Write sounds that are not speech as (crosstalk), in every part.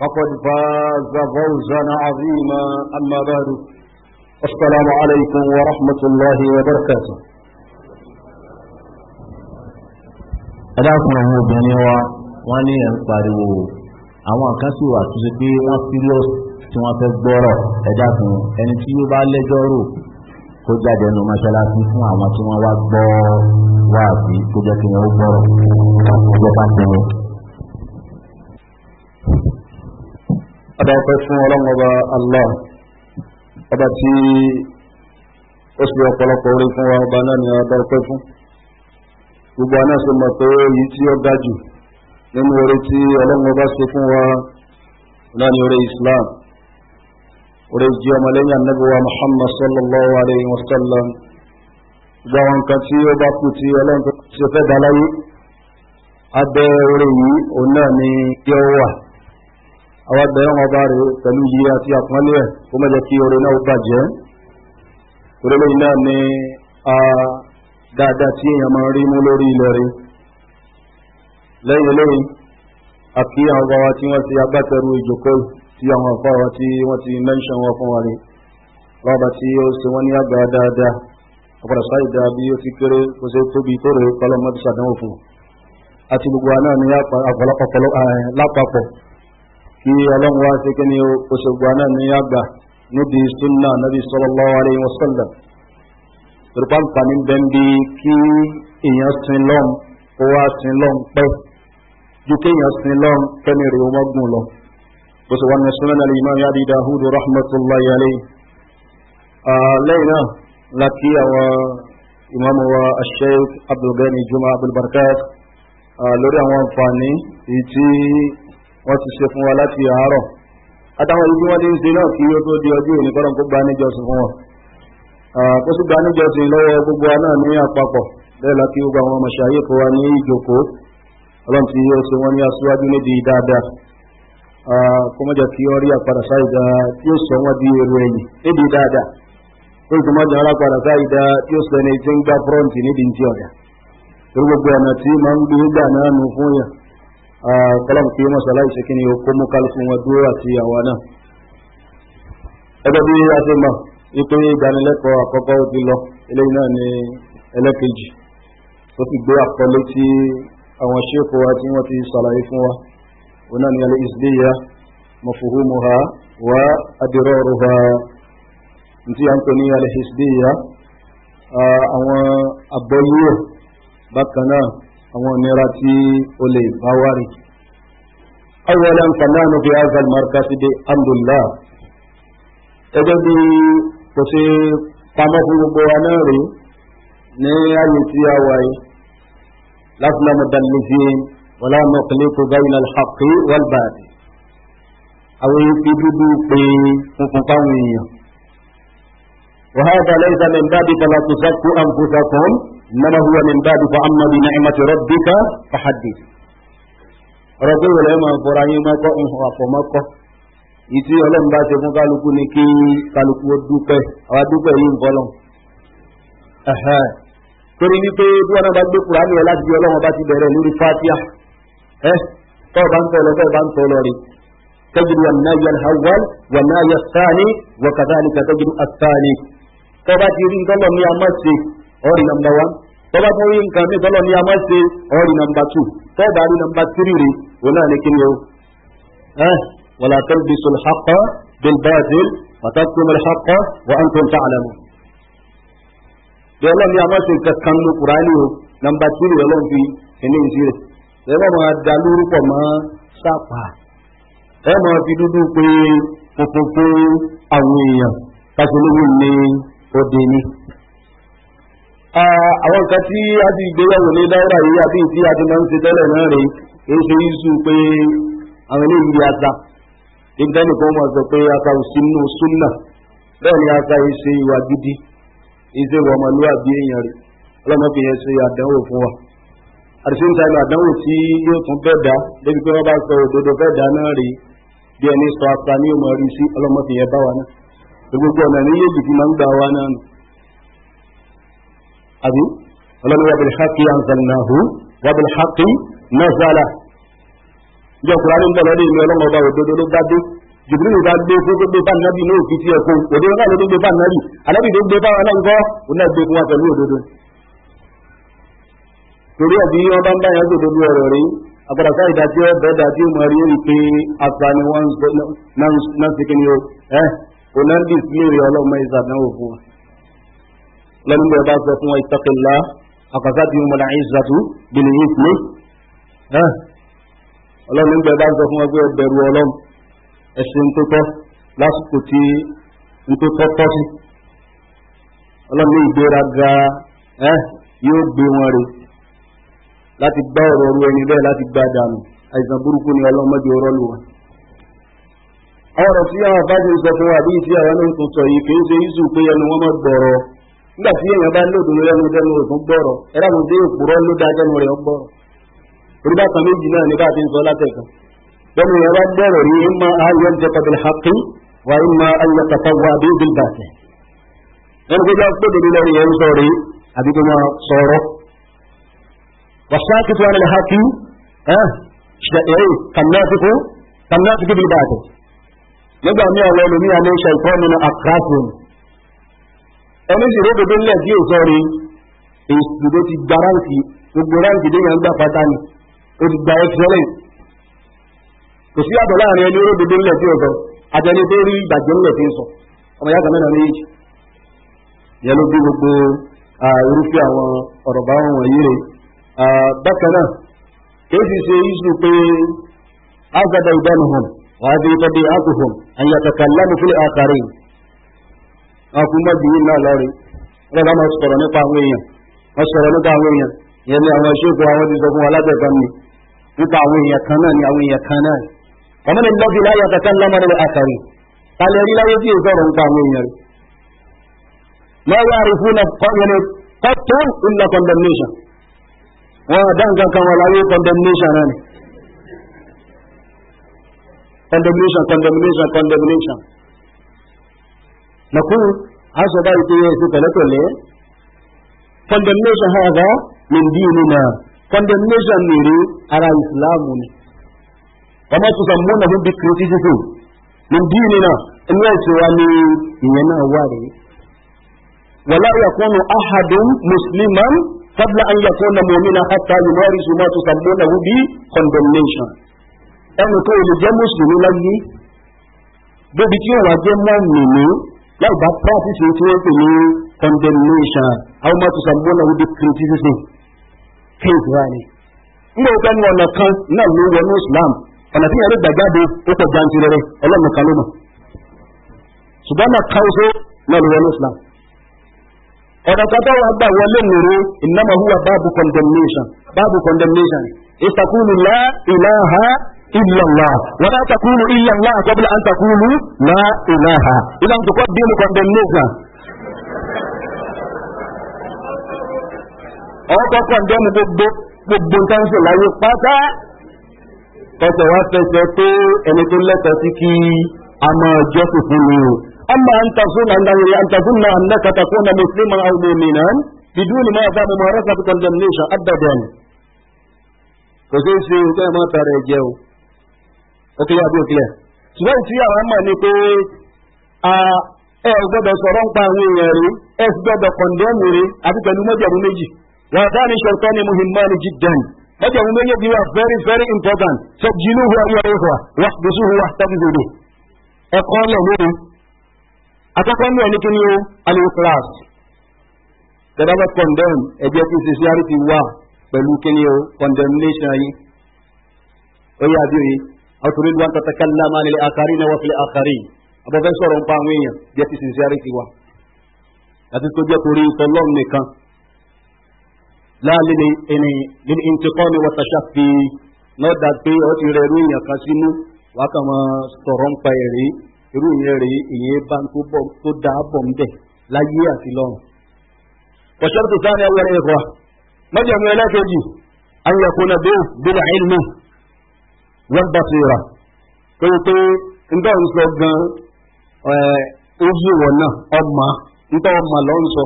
فقد فاز فوزا عظيما أما بعد السلام عليكم ورحمة الله وبركاته ẹdákùnrin àwọn obìnrin wa wọ́n ní ẹ̀ ń pariwo àwọn àkáṣù àtúnṣe pé wọ́n serious tí wọ́n fẹ́ gbọ́rọ̀ ẹ̀dákùn ẹni tí yóò bá lẹ́jọ́ rò kó jáde ẹnu mọ́ṣáláṣí fún àwọn tí wọ́n wá gbọ́ wá àbí kó jẹ́ kí wọ́n gbọ́rọ̀ kó jẹ́ ká pẹ̀lú. adáwọ̀pẹ́ fún ọlọ́run ọba allah tí ó sì ọ̀pọ̀lọpọ̀ fún wa ọba náà ni adáwọ̀pẹ́ fún gbogbo aná sì mọ̀ pé èyí tí ó jù nínú orí tí ọlọ́run ọba fún wa náà ni orí islam orí jí ọmọlẹ́yìn anábíwá muhammad sallallahu alayhi wa sallam gbogbo àwọn nǹkan tí ó kú tí ọlọ́run tó fẹ́ dá abẹ́ orí yìí òun ni yóò wà awa abẹ́rẹ́ wọn bá rèé pẹ̀lú yìí àti àpọ́nlé ẹ̀ kó má jẹ́ kí oore náà bàjẹ́ orílẹ̀ iná ní a dáadáa tí èèyàn máa rí mú lórí ilẹ̀ rí lẹ́yìn lẹ́yìn àti àwọn ọba wa tí ti agbátẹrù ìjòkó tí àwọn ọ̀fà wa tí wọ́n ti mẹ́ńṣẹ̀ wọn fún wa rí lọ́ba tí ó ṣe wọ́n ní àgbà dáadáa ọ̀pọ̀lọpọ̀ sáyé dáa bí ó ti kéré kó ṣe tóbi tó rèé ní kí ọlọ́run wá sí kíni oṣogbo náà ní àgbà níbi sunna nabi sallallahu alayhi wa sallam torípa nfààní bẹ́ẹ̀ bí kí èèyàn sin lọ́n kó wá sin lọ́n pẹ́ ju kéèyàn sin lọ́n kẹ́mi rè wọ́n gùn lọ. bó ṣe wà ní sunan al-imam yadi dahudu rahmatullahi alayhi. lẹ́yìn náà la kí àwọn ìmáàmù wa sheikh abdulgani juma abdulbarakat lórí àwọn nfààní èyí wọ́n ti ṣe fún wa láti àárọ̀ àtàwọn ibi wọ́n ti ń ṣe náà kí ó tó di ọjọ́ òní kọ́lọ́n kó gba níjọsìn fún wọn kó sì gba níjọsìn lọ́wọ́ gbogbo wa náà ní àpapọ̀ bẹ́ẹ̀ la kí gbogbo àwọn mọ̀ṣáyé kó wa ní ìjókòó ọlọ́run ti yóò ṣe wọ́n ní aṣíwájú níbi dáadáa kó mọ́jà kí ọ rí àpadà sáìdá tí ó sọ wọ́n di èrò ẹ̀yìn níbi dáadáa ó sì mọ́jà alápadà sáìdá tí ó sọ ẹni tí ń gbá fúrọ́ǹtì níbi ti ọ̀dà gbogbo ọ̀nà tí máa ń gbé gbà náà nù fún yàn kọlọ́mù kí wọ́n sọ̀lá ìṣe kíni okó mú kálukú wọn dúró àti àwa náà. ẹgbẹ́ bí a ti mọ̀ wípé ìdánilẹ́kọ̀ọ́ àkọ́kọ́ ó ti lọ eléyìí náà ni ẹlẹ́kejì tó fi gbé àkọlé tí àwọn ṣéèkó wa tí wọ́n ti sàlàyé fún wa òun náà ni alẹ́ ìsìlẹ́yà mọ̀fùhùmùhà wà adìrọ̀rùhà ntí à ń pè ní alẹ́ ìsìlẹ́yà àwọn àgbọ̀yé bákan àwọn ìnira tí ó lè bá wá rí. awọ́lá ń fàmà ní fi azal marka sí dé alhamdulillah gẹ́gẹ́ bí kò sí pamọ́ fún gbogbo wa náà rí ní ayé tí a wà yìí láti lọ́mọ dalífi wọlá nọ̀kìlẹ̀ tó báyìí lálhàkì wàlbàdì àwọn ibi dúdú pé funfun káwọn èèyàn. وهذا ليس من باب كما تزكوا أنفسكم إنما هو من بعد فأما بنعمة ربك فحدث ọ̀rọ̀gbé ìwọ̀lẹ̀ máa bọ̀rọ̀ ayé máa kọ́ ọ̀hún àfọ̀mọ́kọ́ ìtí ọlọ́run bá ṣe fún kálukú ni kí kálukú ó dúpẹ́ àwa dúpẹ́ yìí ń bọ́lọ̀ torí wípé bí wọn bá gbé kúránì ẹ láti bí ọlọ́run bá ti bẹ̀rẹ̀ lórí fatia ẹ tọ́ bá ń tọ́ lọ bẹ́ẹ̀ bá ń tọ́ lọ rí tẹ́gìrì wọn náà yẹn hawal wọn náà yẹ sáni wọ́n kàtà ní kàtà gírí àtàní tọ́ bá ti rí ń tọ́lọ̀ ní amọ́sẹ̀ ọ̀rì nàmbà wán tọ́ba tó ń yí nǹkan mi tọ́lọ̀ ní a máa ṣe ọ̀rì nàmbà tù tọ́ba rí nàmbà tírì rè wọn náà ní kí ni o. Eh, wàlá tẹ́lifí sọ̀rọ̀ xaqa bilbaadil wàtàkùnmọ̀ xaqa wà á ń tó ń ta àlàmù. tọ́lọ̀ ní a máa ṣe nǹkan kan ní kuraani o nàmbà tírì rẹ̀ lọ́n fi ẹni ìṣe rẹ̀. ẹ bá máa da lórúkọ máa sápà ẹ máa fi dúdú pé funfun fún àwọn èèyàn kásìlówó ni ó dé àwọn nǹkan tí a ti gbéyàwó ní dáúrà yìí àti ìtí a ti máa ń ṣe tẹ́lẹ̀ náà rèé èyí ṣe yíṣu pé àwọn ilé ìlú ata nǹkan nìkan máa sọ pé ata ò sí nínú súnà bẹ́ẹ̀ ni ata yìí ṣe ìwà gidi ìṣe ìwà ọmọlúwàbí èèyàn rẹ̀ yẹn ṣe àdánwò fún wa àdìsín tàbí àdánwò tí yóò tún bẹ́ẹ̀dá débi pé wọ́n bá sọ òdodo bẹ́ẹ̀dá náà rèé bí ẹni sọ ata ní òmò àbí ọlọ́ni wà bẹ̀rẹ̀ ṣáàkì àǹzànàhù wà bẹ̀rẹ̀ ṣáàkì nàzàlà ìjọ kùránì ń bọ̀ lọ́dún ìlú ọlọ́mọ ọba òdodo ló bá dé jìbìrì ìbá gbé fún gbogbo bá nàbì ní òkìtì ẹ̀kọ́ òde wọn náà ló gbé bá nàbì alábì tó gbé bá wọn náà ń kọ́ òun náà gbé fún wa pẹ̀lú òdodo torí ẹ̀bí wọn bá ń báyàn gbòdodo ọ̀rọ̀ rí àgbàdàká ìdájọ́ bẹ́ẹ̀dà tí ó mọ̀ rí rí pé àgbà ni wọ́n ń ṣe kí ni ó ẹ́ òun náà ń dìsílẹ̀ ọlọ́mọ ìsàdánwò fún wa lẹ́nu bẹ́ẹ̀ bá sọ fún ìtọ́kẹ̀lá àkàtà tí mo láyé ṣàtú bìnnì yìí fún ẹ́ ọlọ́run bẹ́ẹ̀ bá sọ fún ẹgbẹ́ bẹ̀rù ọlọ́run ẹ̀sìn tó tọ́ lásìkò tí n tó tọ́ tọ́ sí ọlọ́run ìgbéraga ẹ́ yóò gbé wọn rè láti gbá ọ̀rọ̀ ọ̀rọ̀ ẹni bẹ́ẹ̀ láti gbá dànù àìsàn burúkú ni ọlọ́run ọ̀rọ̀ lù wọn àwọn ọ̀rọ̀ tí àwọn àbájọ sọ fún wa bí ìfí àwọn ẹni tó yìí kì í ṣe yíṣù pé ẹnu wọn mọ́ gbọ̀rọ̀ nígbà tí èèyàn bá lòdùn lẹ́nu lẹ́nu rẹ̀ fún gbọ́rọ̀ ẹ̀rọ àwọn ọdẹ òpùrọ̀ ló da jẹ́nu rẹ̀ gbọ́rọ̀ orí bá kan méjì náà ní bá ti ń sọ látẹ̀kọ́ lẹ́nu yẹn bá gbọ́rọ̀ ní ma ayé ń jẹ́kọ̀ bí haqqi wà ń ma ayé kàtà wà bí bí bàtẹ̀ ẹni tó bá gbọ́dọ̀ ní lẹ́nu yẹn ń àbí tó máa sọ̀rọ̀ wàṣáàkì tó wà ẹni sì ró dodo nílẹ̀ tí ò sọ rí èsì ló ti gba ráǹkì gbogbo ráǹkì déyàn gbà pátá ni ó ti gba excellence kò sí àtọ̀ láàrin ẹni ró dodo nílẹ̀ tí ò sọ àtẹni tó rí ìgbàgbọ́ nílẹ̀ tí sọ ọmọ yàtọ̀ mẹ́rin ní èjì yẹn ló bí gbogbo irúfẹ́ àwọn ọ̀rọ̀ bá wọn wọ̀nyí rè bákan náà kìí sì ṣe iṣu pé azaba ìdánù hàn wàá di ìtọ́bi wọn fún mọ́bìnrin náà lọ́rin wọ́n bá máa sọ̀rọ̀ nípa àwọn èèyàn wọ́n sọ̀rọ̀ nípa àwọn èèyàn ìyẹn ni àwọn ṣéèkù àwọn ti sọ fún wa lábẹ́ ìbámu nípa àwọn èèyàn kan náà ni àwọn èèyàn kan náà ọmọ ní lọ́bì láyé àtàkà lọ́mọdé àkàrí talẹ̀ rí láyé tí ì sọ̀rọ̀ nípa àwọn èèyàn lọ́wọ́ àrífún náà condemnation condemnation condemnation condemnation. نقول هذا عز وجل سبحانه condemnation هذا من ديننا condemnation نيري على إسلامنا وما تسمونه بكريتيسيزم من ديننا الناس واني ينا واري ولا يكون أحد مسلما قبل أن يكون مؤمنا حتى يمارس ما تسمونه ب condemnation ẹnì kan ò lè jẹ́ mùsùlùmí láyé débi láì bá practice tí wọ́n pè ní condemnation àwọn ọmọ tó sàmúlò náà wípé criticism faith wa ni. ń bọ̀ wípé ní ọ̀nà kan náà ló wọnú Islam ọ̀nà tí yàrá ìgbàjáde ó pọ̀ jantirẹrẹ ọlọ́run kan ló mọ̀. ṣùgbọ́n náà kan ṣe náà ló wọnú Islam. ọ̀nà kan tó wà gbà wọlé nìró innama huwa báàbù condemnation báàbù condemnation ìsàkúlù lá ìlàhà illallah wa la takunu illallah qabla an takunu la ilaha ila tuqaddimu kondemnuka oko kondemu gbogbo gbogbo tan se laye pata ko se wa se se to eni to leto si ki ama ojo fun mi amma an tasuna ya an dayi an tasuna annaka takuna musliman aw mu'minan bidun ma za mu marasa bi kondemnisha addadan ko se se ukai ma tare jeu ó kílẹ̀ àbí òkílẹ̀ ṣùgbọ́n tí àwọn mọ̀ ni pé ẹ gbọ́dọ̀ sọ̀rọ̀ ń pa àwọn èèyàn rí ẹ sì gbọ́dọ̀ kọ̀ndẹ́mù rí àti pẹ̀lú mọ́jẹ̀mú méjì wà á ní ṣọ̀tọ́ ni muhimman jiddan mọ́jẹ̀mú méjèèjì wà very very important ṣọ̀jìnú huwa huwa huwa wà gbèsè huwa tábìlì ẹ̀kọ́ lẹ̀ lóru akọ́kọ́ ní ẹni kí ni ó alimuslas tẹ́lẹ́bẹ̀ condemn ẹgbẹ́ tí ṣe ṣíárì ti wà pẹ̀lú kí ni ó condemnation yìí ó yà bí òye aw turidu an tatakallama lil akharina wa fil akharin abọ́fẹ́ sọ̀rọ̀ ń pa àwọn èèyàn jẹ́ ti sincerity wa àti tó jẹ́ torí tọlọ́m nìkan láàlẹ́ ní intikọ́ni wa tashafi náà dà pé ọ ti rẹ̀ irú èèyàn kan sínú wàá kàn máa sọ̀rọ̀ ń pa ẹ̀rí irú ìyẹn rèé ìyẹn bá ń tó dáa bọ̀ ń bẹ̀ láyé àti lọ́run wàṣọ́rọ̀ tó sáré ẹwẹ́rẹ́ ìrọ̀ mọ́jọ̀mú ẹlẹ́kẹ̀ẹ́jì ayẹ̀kùnà bẹ́ẹ̀ bẹ́ẹ̀ ilmi wẹ́gbàsíra tó ń pé nígbà ń sọ gan ojú wọn náà ọmọ nígbà ọmọ lọ ń sọ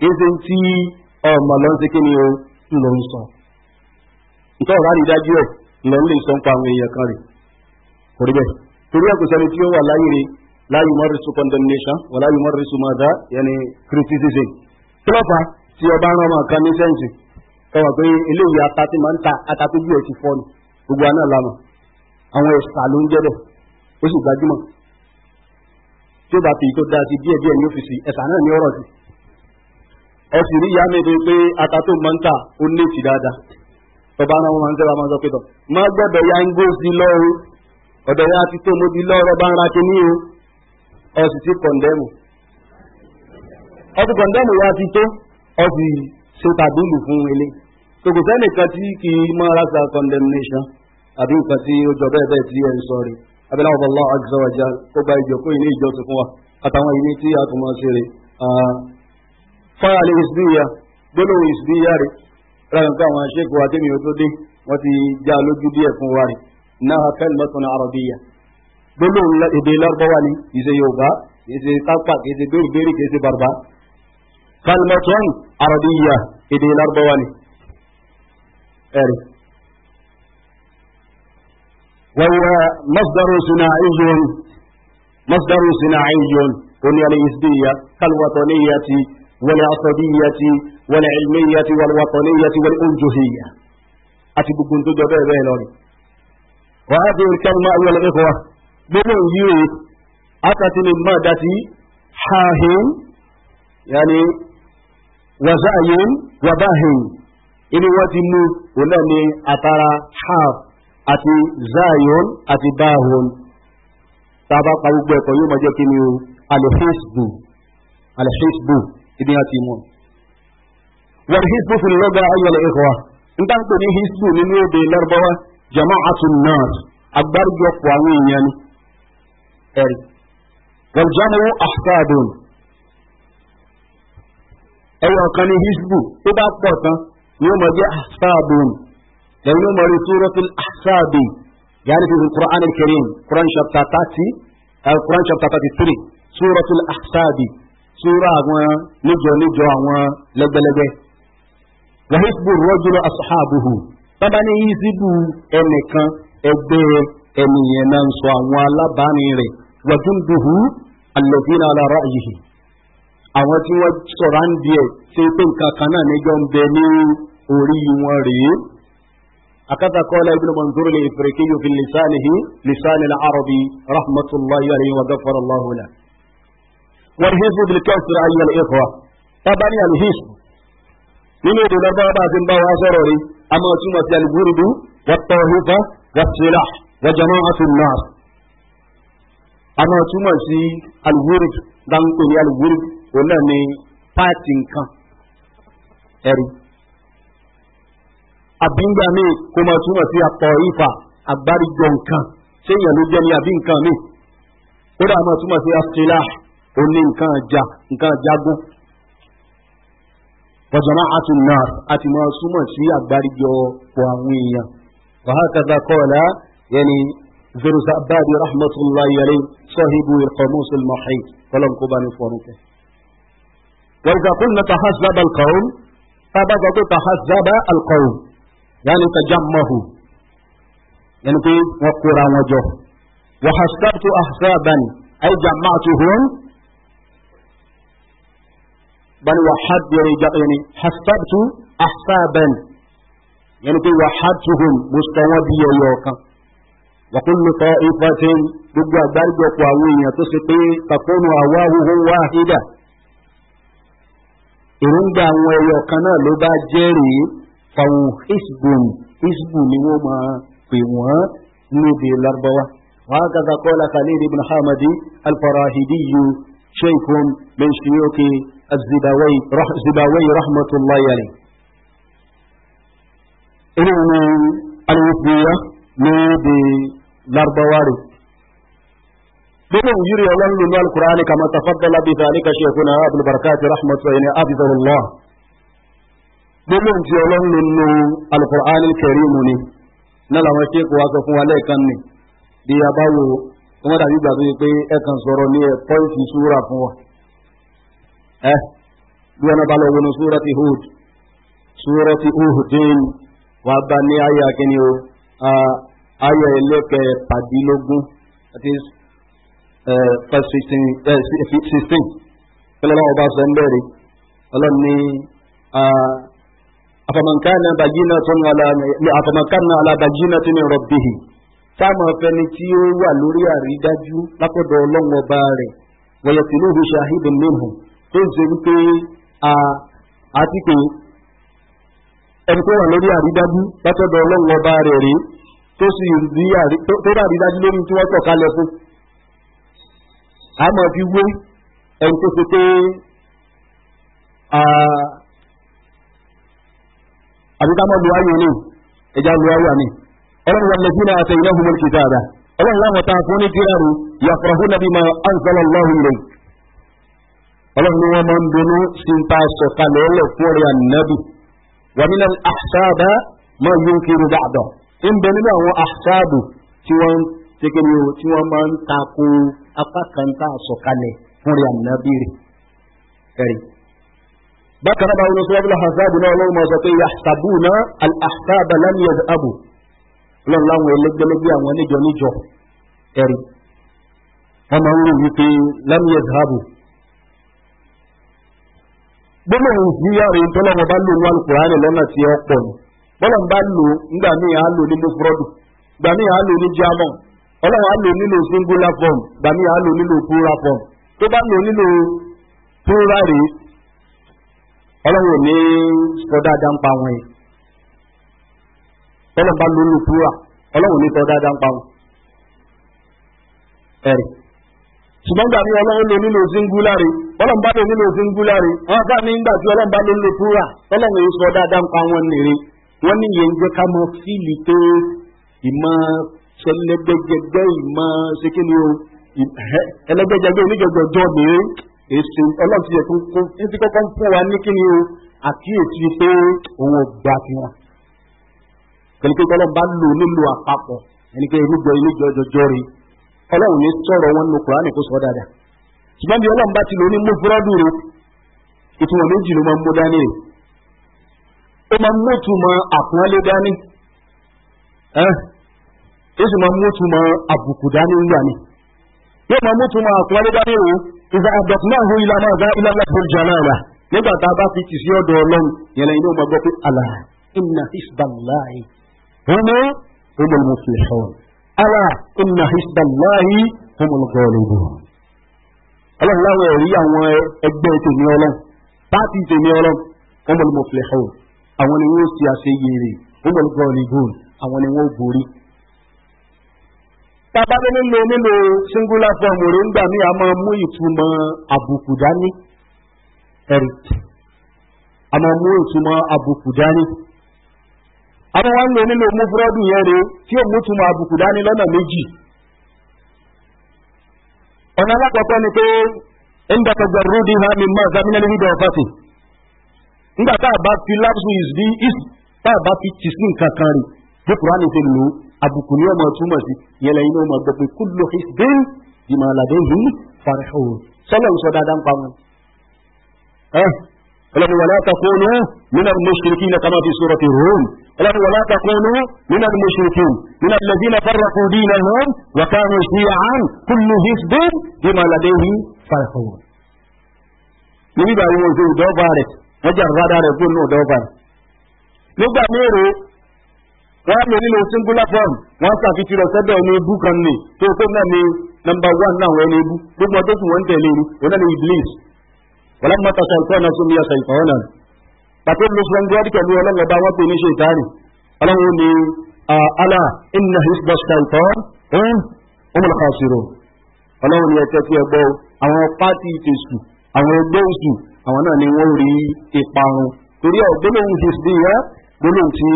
kí ṣe ń tí ọmọ lọ ń ṣe kí ni o ń lọ ń sọ nígbà ọ̀rá rí dájú ẹ̀ lọ ń lè sọ àwọn èèyàn kan rè kò rí torí ẹ̀kọ́ tí ó wà láyé rè láyé mọ́rìsù condemnation wà láyé mọ́rìsù mọ́dá yẹni criticism tí fa tí ọba ń rán ọmọ kan ní sẹ́ǹsì ẹ wà pé eléyìí ata ti máa ń ta ata bí ẹ ti fọ́ ni gbogbo àná làmọ̀ àwọn ẹ̀sà ló ń jẹ́ bẹ̀ ó sì gbajúmọ̀ tí ó bá fi tó da sí díẹ̀ díẹ̀ ní ọ́fíìsì ẹ̀sà náà ní ọ̀rọ̀ sí ẹ sì rí ìyá mi bíi pé ata tó máa ń tà ó ní èsì dáadáa tọba náà wọn máa ń tẹ́ra máa sọ pé tọ̀ máa gbẹ́bẹ̀ ya ń gbóòsì lọ́rùn ọ̀dọ̀ ya ti tó mobi lọ́rọ̀ bá ń ra kíní o ẹ sì ti kọ̀ndẹ́mù ẹ ti kọ̀ndẹ́mù ya ti tó ọ sì ṣe tàbí lù fún ilé kòkòtẹ́nìkan tí kì í máa ra sa condemnation àbí nǹkan tí ó jọ bẹ́ẹ̀ bẹ́ẹ̀ tí ẹ̀ ń sọ rí abẹ́láwọ̀ bọ́lá àgbẹ̀sọ̀wájà ó gba ìjọkó ilé ìjọsìn fún wa àtàwọn ilé tí a tún máa ṣe rè fara lè ìsbíyà gbólóhùn ìsbíyà rè ráyọ̀ nǹkan àwọn aṣẹ́kọ̀ọ́ àtẹ́mi tó dé wọ́n ti já lójú díẹ̀ fún wa rè náà kẹ́lìmọ́tún àrọ̀bíyà gbólóhùn èdè lárúbáwá ni ìṣe yorùbá ìṣe وهو مصدر صناعي مصدر صناعي بني الحزبية كالوطنية والعصبية والعلمية والوطنية والألجهية أتبقون تجبه بيلوري وهذه الكلمة أيها الإخوة بمن يو أتت من مادة حاهن يعني وزعي وباهن إن وتمو ولن أترى حاف àti zion àti a bá pa gbogbo ẹ̀kọ́ yóò máa jẹ́ kí ni o alẹ́fẹ́sbù alẹ́fẹ́sbù ibi ti mọ́ wọ́n hizbu fi lọ́gà ayọ̀lẹ̀ ẹ̀kọ́ wa nígbà tó ní hizbu nínú èdè lárúbáwá jama'atun nas agbárijọpọ̀ àwọn èèyàn ni ẹ̀rí wọ́n jámọ́ ahsadun ẹ̀yọ̀ kan ní hizbu tó bá pọ̀ tán yóò Then you marry Surah Al-Ahsabi, yani this is Quran al-Karim, Quran chapter 30, uh, Quran chapter 33, Surah Al-Ahsabi, Surah àwọn níjọ níjọ àwọn lẹ́gbẹ̀lẹ́gbẹ̀. Wàhísbù rọ́jùlọ ashabuhu, bábá ní Yísíbù ẹnìkan ẹgbẹ́ ẹnìyẹn náà ń sọ àwọn alábàárin rẹ̀, wàjúndùhù alladhina ala ra'yihi. Àwọn tí wọ́n sọ̀rọ̀ á ń di ẹ̀ ṣe pé nǹkan kan náà níjọ ń bẹ ní orí wọn rèé. هكذا قال ابن منظور الافريقي في لسانه لسان العربي رحمه الله عليه وغفر الله له والحزب بالكسر ايها الاخوه طبعا الحزب nínú èdè lọ́gbọ́n bá ti ń bá wa sọ̀rọ̀ rí a máa túmọ̀ sí alìgbúrúdú wàtọ̀húfà wàtílà wàjàmọ́ àtúnmá a máa túmọ̀ sí alìgbúrúdú dáńpé ní alìgbúrúdú òun náà ni páàtì nǹkan ẹ̀rí àbígbà míì kó máa túmọ̀ sí apọ̀ ìfà àgbáríjọ nǹkan ṣé èèyàn ló jẹ́ ní àbí nǹkan míì kódà máa túmọ̀ sí asílà òní nǹkan àjà nǹkan àjágún fọ̀jọ̀mọ́ àtúnná àti máa súnmọ̀ sí àgbáríjọ pọ̀ àwọn èèyàn wàhákàdà kọ́ọ̀lá yẹni zerusabadi rahmatulahi alayhi sọ́híbu ìkọ̀mùsù mọ̀hìn kọ́lọ́n kó bá ní fọ́nùkẹ́. wọ́n ìgbà kún na tahazaba alkaun tábàgbà tó tahazaba yàní tajamahu yàní pé wọ́n kóra wọn jọ wọ́n hasabtu ahsabani ay jama'atuhum bani wọ́n hadiri yàní hasabtu ahsabani yàní pé wọ́n hatuhum mùsùlùmọ́ bí yẹyọ kan wọ́n kún mi tọ́ ìfọ̀tẹ́ gbogbo àgbáríjọpọ̀ àwọn èèyàn takunu àwáhùhùn wáhídà èròǹgbà àwọn ẹyọ kan náà ló bá jẹ́rìí. fàwọn hisbun hisbun ni wọ́n máa pè wọ́n níbi Lárúbáwá. وهكذا قال خليل بن حامد الفراهيدي شيخ من شيوخ الزباوي رح زباوي رحمة الله عليه إنه الوفية نبي لاربواري بدون يري الله من القرآن كما تفضل بذلك شيخنا أبو البركات رحمة الله حفظه الله gbólóhùn tí ọlọ́run ló lo alukur'an kẹrin mu ni náà làwọn ṣe kó wa sọ fún wa lẹ́ẹ̀kan ni bí a bá wo wọn dàbí ìgbà tó yẹ pé ẹ kàn sọ̀rọ̀ ní ẹ pọ́ìntì súra fún wa ẹ bí wọn bá lọ wọnú súra ti hood súra ti uhudin wà bá ní ayé akíní o ayé ẹlẹ́kẹ̀ pàdínlógún àti sixteen kí lọ́wọ́ bá sọ ń bẹ̀rẹ̀ ọlọ́run afaman kana bajinatun ala afaman kana ala bajinatin min rabbih táwọn afẹni tí ó wà lórí àrídájú lápọ̀dọ̀ ọlọ́run ọba rẹ̀ wọ̀yẹ̀tìlúhu ṣahidun minhu tó ń wa lori aridaju pé ẹni tó wà lórí àrídájú lápọ̀dọ̀ ọlọ́run ọba rẹ̀ rí tó sì rí àrídájú lórí tí wọ́n tọ̀kalẹ̀ fún àmọ́ fi wé ẹni tó ṣe pé àbí ká mọ́ lu ayé ní ẹja lu ayé ní ọlọ́run wọn lẹ́sìn náà àtẹ̀yìn náà humul kitaba ọlọ́run láwọn ta fún ní tíráàrù yàfọ̀rọ̀hù nàbí ma anzala Allahu ilayk ọlọ́run ni wọ́n máa ń dunú sí ń ta sọ̀kalẹ̀ ọlọ́ fún ọ̀rẹ́ ànábì wa minal ahsaba ma yunkiru ba'da ń bẹ nínú àwọn ahsabu tí wọ́n tẹ́kẹ́ni o tí wọ́n máa ń takò apá kan tá sọ̀kalẹ̀ fún ànábì rẹ̀ bákan náà báwọn sọ́wọ́ bílá hasabu náà lọ́wọ́ máa pé yasabu náà al-ahsaba lam lọ́nà láwọn ẹlẹ́gbẹ́lẹ́gbẹ́ àwọn níjọ níjọ ẹ̀rí wọ́n máa ń rò wípé lam yadhabu gbọ́nà ìyáre tọ́lọ́wọ́ bá lò ní alukùránì lọ́nà tí ó pọ̀ ní bọ́lọ̀ bá lò ńgbà míì á lò nínú fúrọ́dù gbà míì á lò ní german ọlọ́wọ́ ọlọ́run ò ní sọ dáadáa ń pa wọn yìí tọ́lọ̀ bá lónú kúrà ọlọ́run ní sọ dáadáa ń pa wọn ẹ̀rì ṣùgbọ́n gbà ní ọlọ́run lè nílò singulari ọlọ́run bá lè nílò singulari wọn bá ní gbà tí ọlọ́run bá lónú kúrà ọlọ́run yìí sọ dáadáa ń pa wọn nìrí wọn ní yẹn jẹ́ ká mọ fíìlì pé ìmọ̀ ṣẹlẹ́gbẹ́jẹgbẹ́ ìmọ̀ ṣe kí ni o ẹlẹ́gbẹ́jẹgbẹ́ oníjọgbọ́jọ́ mìíràn èsì ọlọ́run ti yẹ kó títí kọ́kọ́ ń fún wa ní kí ni o àkíyèsí pé òun fi bá lò nílò àpapọ̀ ilé jọjọjọ rí ọlọ́run ní sọ̀rọ̀ wọn kó sọ dáadáa ṣùgbọ́n bí ọlọ́run bá ti lò ní mú fúrọ́dù rẹ ìtumọ̀ méjì ló máa ń mú dání rè ó máa ń mú ìtumọ̀ àpọ́nlé dání ẹ́ ó sì máa ń mú àbùkù dání ìgbà àdọ̀kùnáhù ìlànà àgbà ìlànà ìjànàlà nígbà tá a bá fi tì sí ọ̀dọ̀ ọlọ́run yẹn lẹ́yìn náà gbọ́ pé àlà ìnà ìsbàláì homo homolmuflihon àlà ìnà ìsbàláì homolgọ́ọ̀lùbù. ọlọ́run láwọn ẹ̀rí àwọn ẹgbẹ́ tèmi ọlọ́run pàtì tèmi ọlọ́run homolmuflihon àwọn ni wọ́n ti àṣeyèrè homolgọ́ọ̀lùbù àwọn ni wọ́n borí bàbá ló nílò nílò singular form rẹ̀ ń gbà mí a máa mú ìtumọ̀ àbùkù dání ẹ̀rì a máa mú ìtumọ̀ àbùkù dání àwọn wa ń lò nílò mú búrọ́dù yẹn rẹ̀ tí ó mú ìtumọ̀ àbùkù dání lọ́nà méjì ọ̀nà alákọ̀ọ́kọ́ ni pé ń dàtọ̀ gbẹ̀rú ha mi máa gbàmínẹ́lẹ́ nídọ̀ ọ̀fàṣì nígbà tá a bá fi lapsus bí tá a bá fi tìsí nǹkan rè bí kùránì ti lò ó àbùkù ni ọmọ túmọ̀ sí yẹn lẹ́yìn náà mọ̀ gbẹ̀pẹ̀ kúlò hisbin bima ladayhi farihun sọ́lọ̀ ń sọ dáadáa ń pa wọn. ọlọ́run wàlá takunu nínú mushrikin kama fi surati Rum ọlọ́run wàlá takunu nínú mushrikin nínú alladhina farraqu dinahum wa kanu shi'an kullu hisbin bima ladayhi farihun. níbi báyìí wọn ò wọ́n lò nínú singular form wọ́n ṣàfitì rẹ̀ sẹ́dọ̀ ní ebú kan ní tó tó náà ní nọmba one náà wọ́n ní ebú gbogbo ọdún tí wọ́n ń tẹ̀lé ní wọ́n náà ní iblis wọ́n lọ́mọ ta ṣàìkọ́ náà sómi ọ̀ṣà ìfọ̀wọ́ náà pàtó ló sọ ń gbọ́dí pẹ̀lú ọlọ́lọ́ba wọ́n pè ní ṣe ìtárì ọlọ́run ní ala inna hisba ṣàìkọ́ ọmọ lọ́kà ṣòro ọlọ́run ní ẹ̀tẹ́ tí ẹ gbọ́ àwọn pátì tèṣù àwọn ẹgbẹ́ òṣù àwọn náà ni wọ́n rí ìparun torí ọ̀gbọ́n lòun ṣe sí ìyá gbọ́n lòun ti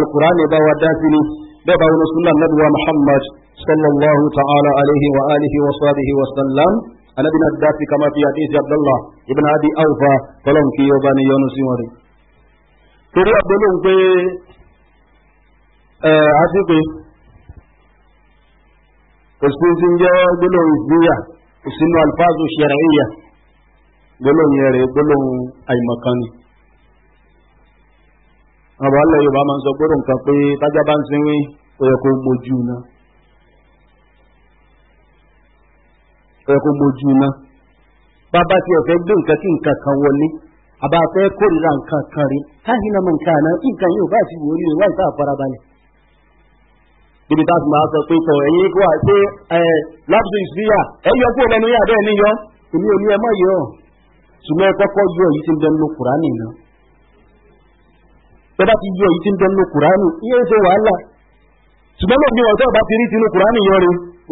القرآن يباوى دافني بابا ونسول النبوة محمد صلى الله تعالى عليه وآله وصحبه وسلم أنا بن الدافي كما في حديث عبد الله ابن أبي أوفى فلم في يوباني يونس يوري torí ọgbọ́n pé àṣìpé òṣìṣẹ́ ń jẹ́ gbólóhùn ìgbéyà òṣìṣẹ́ alfáàzù ṣẹ̀rẹ̀ ìyà gbólóhùn ẹ̀rẹ̀ gbólóhùn àìmọ̀kan ni àwọn alẹ́ yorùbá máa ń sọ gbọ́dọ̀ nǹkan pé nri bá ń sinwi ó yẹ kó gbójú iná ó yẹ kó gbójú iná bàbá tí gbé nǹkan kí nǹkan kan wọlé àbá fẹ́ kórìíra nǹkan kan rí náà mọ nǹkan àná bá ti wò rí wáyé tá a farabalẹ̀ ibi tá a sì máa sọ pé tọ̀ ẹ̀yin kó wà pé ẹ̀ lápùtù ìsúyà yọ kó yà bẹ́ẹ̀ èmi tẹ́ bá ti yọ èyí tí ń bẹ́ẹ̀ nínú kùránì iye ń ṣe wàhálà ṣùgbọ́n mọ̀ bí wọn tó bá ti rí tinú kùránì yọrí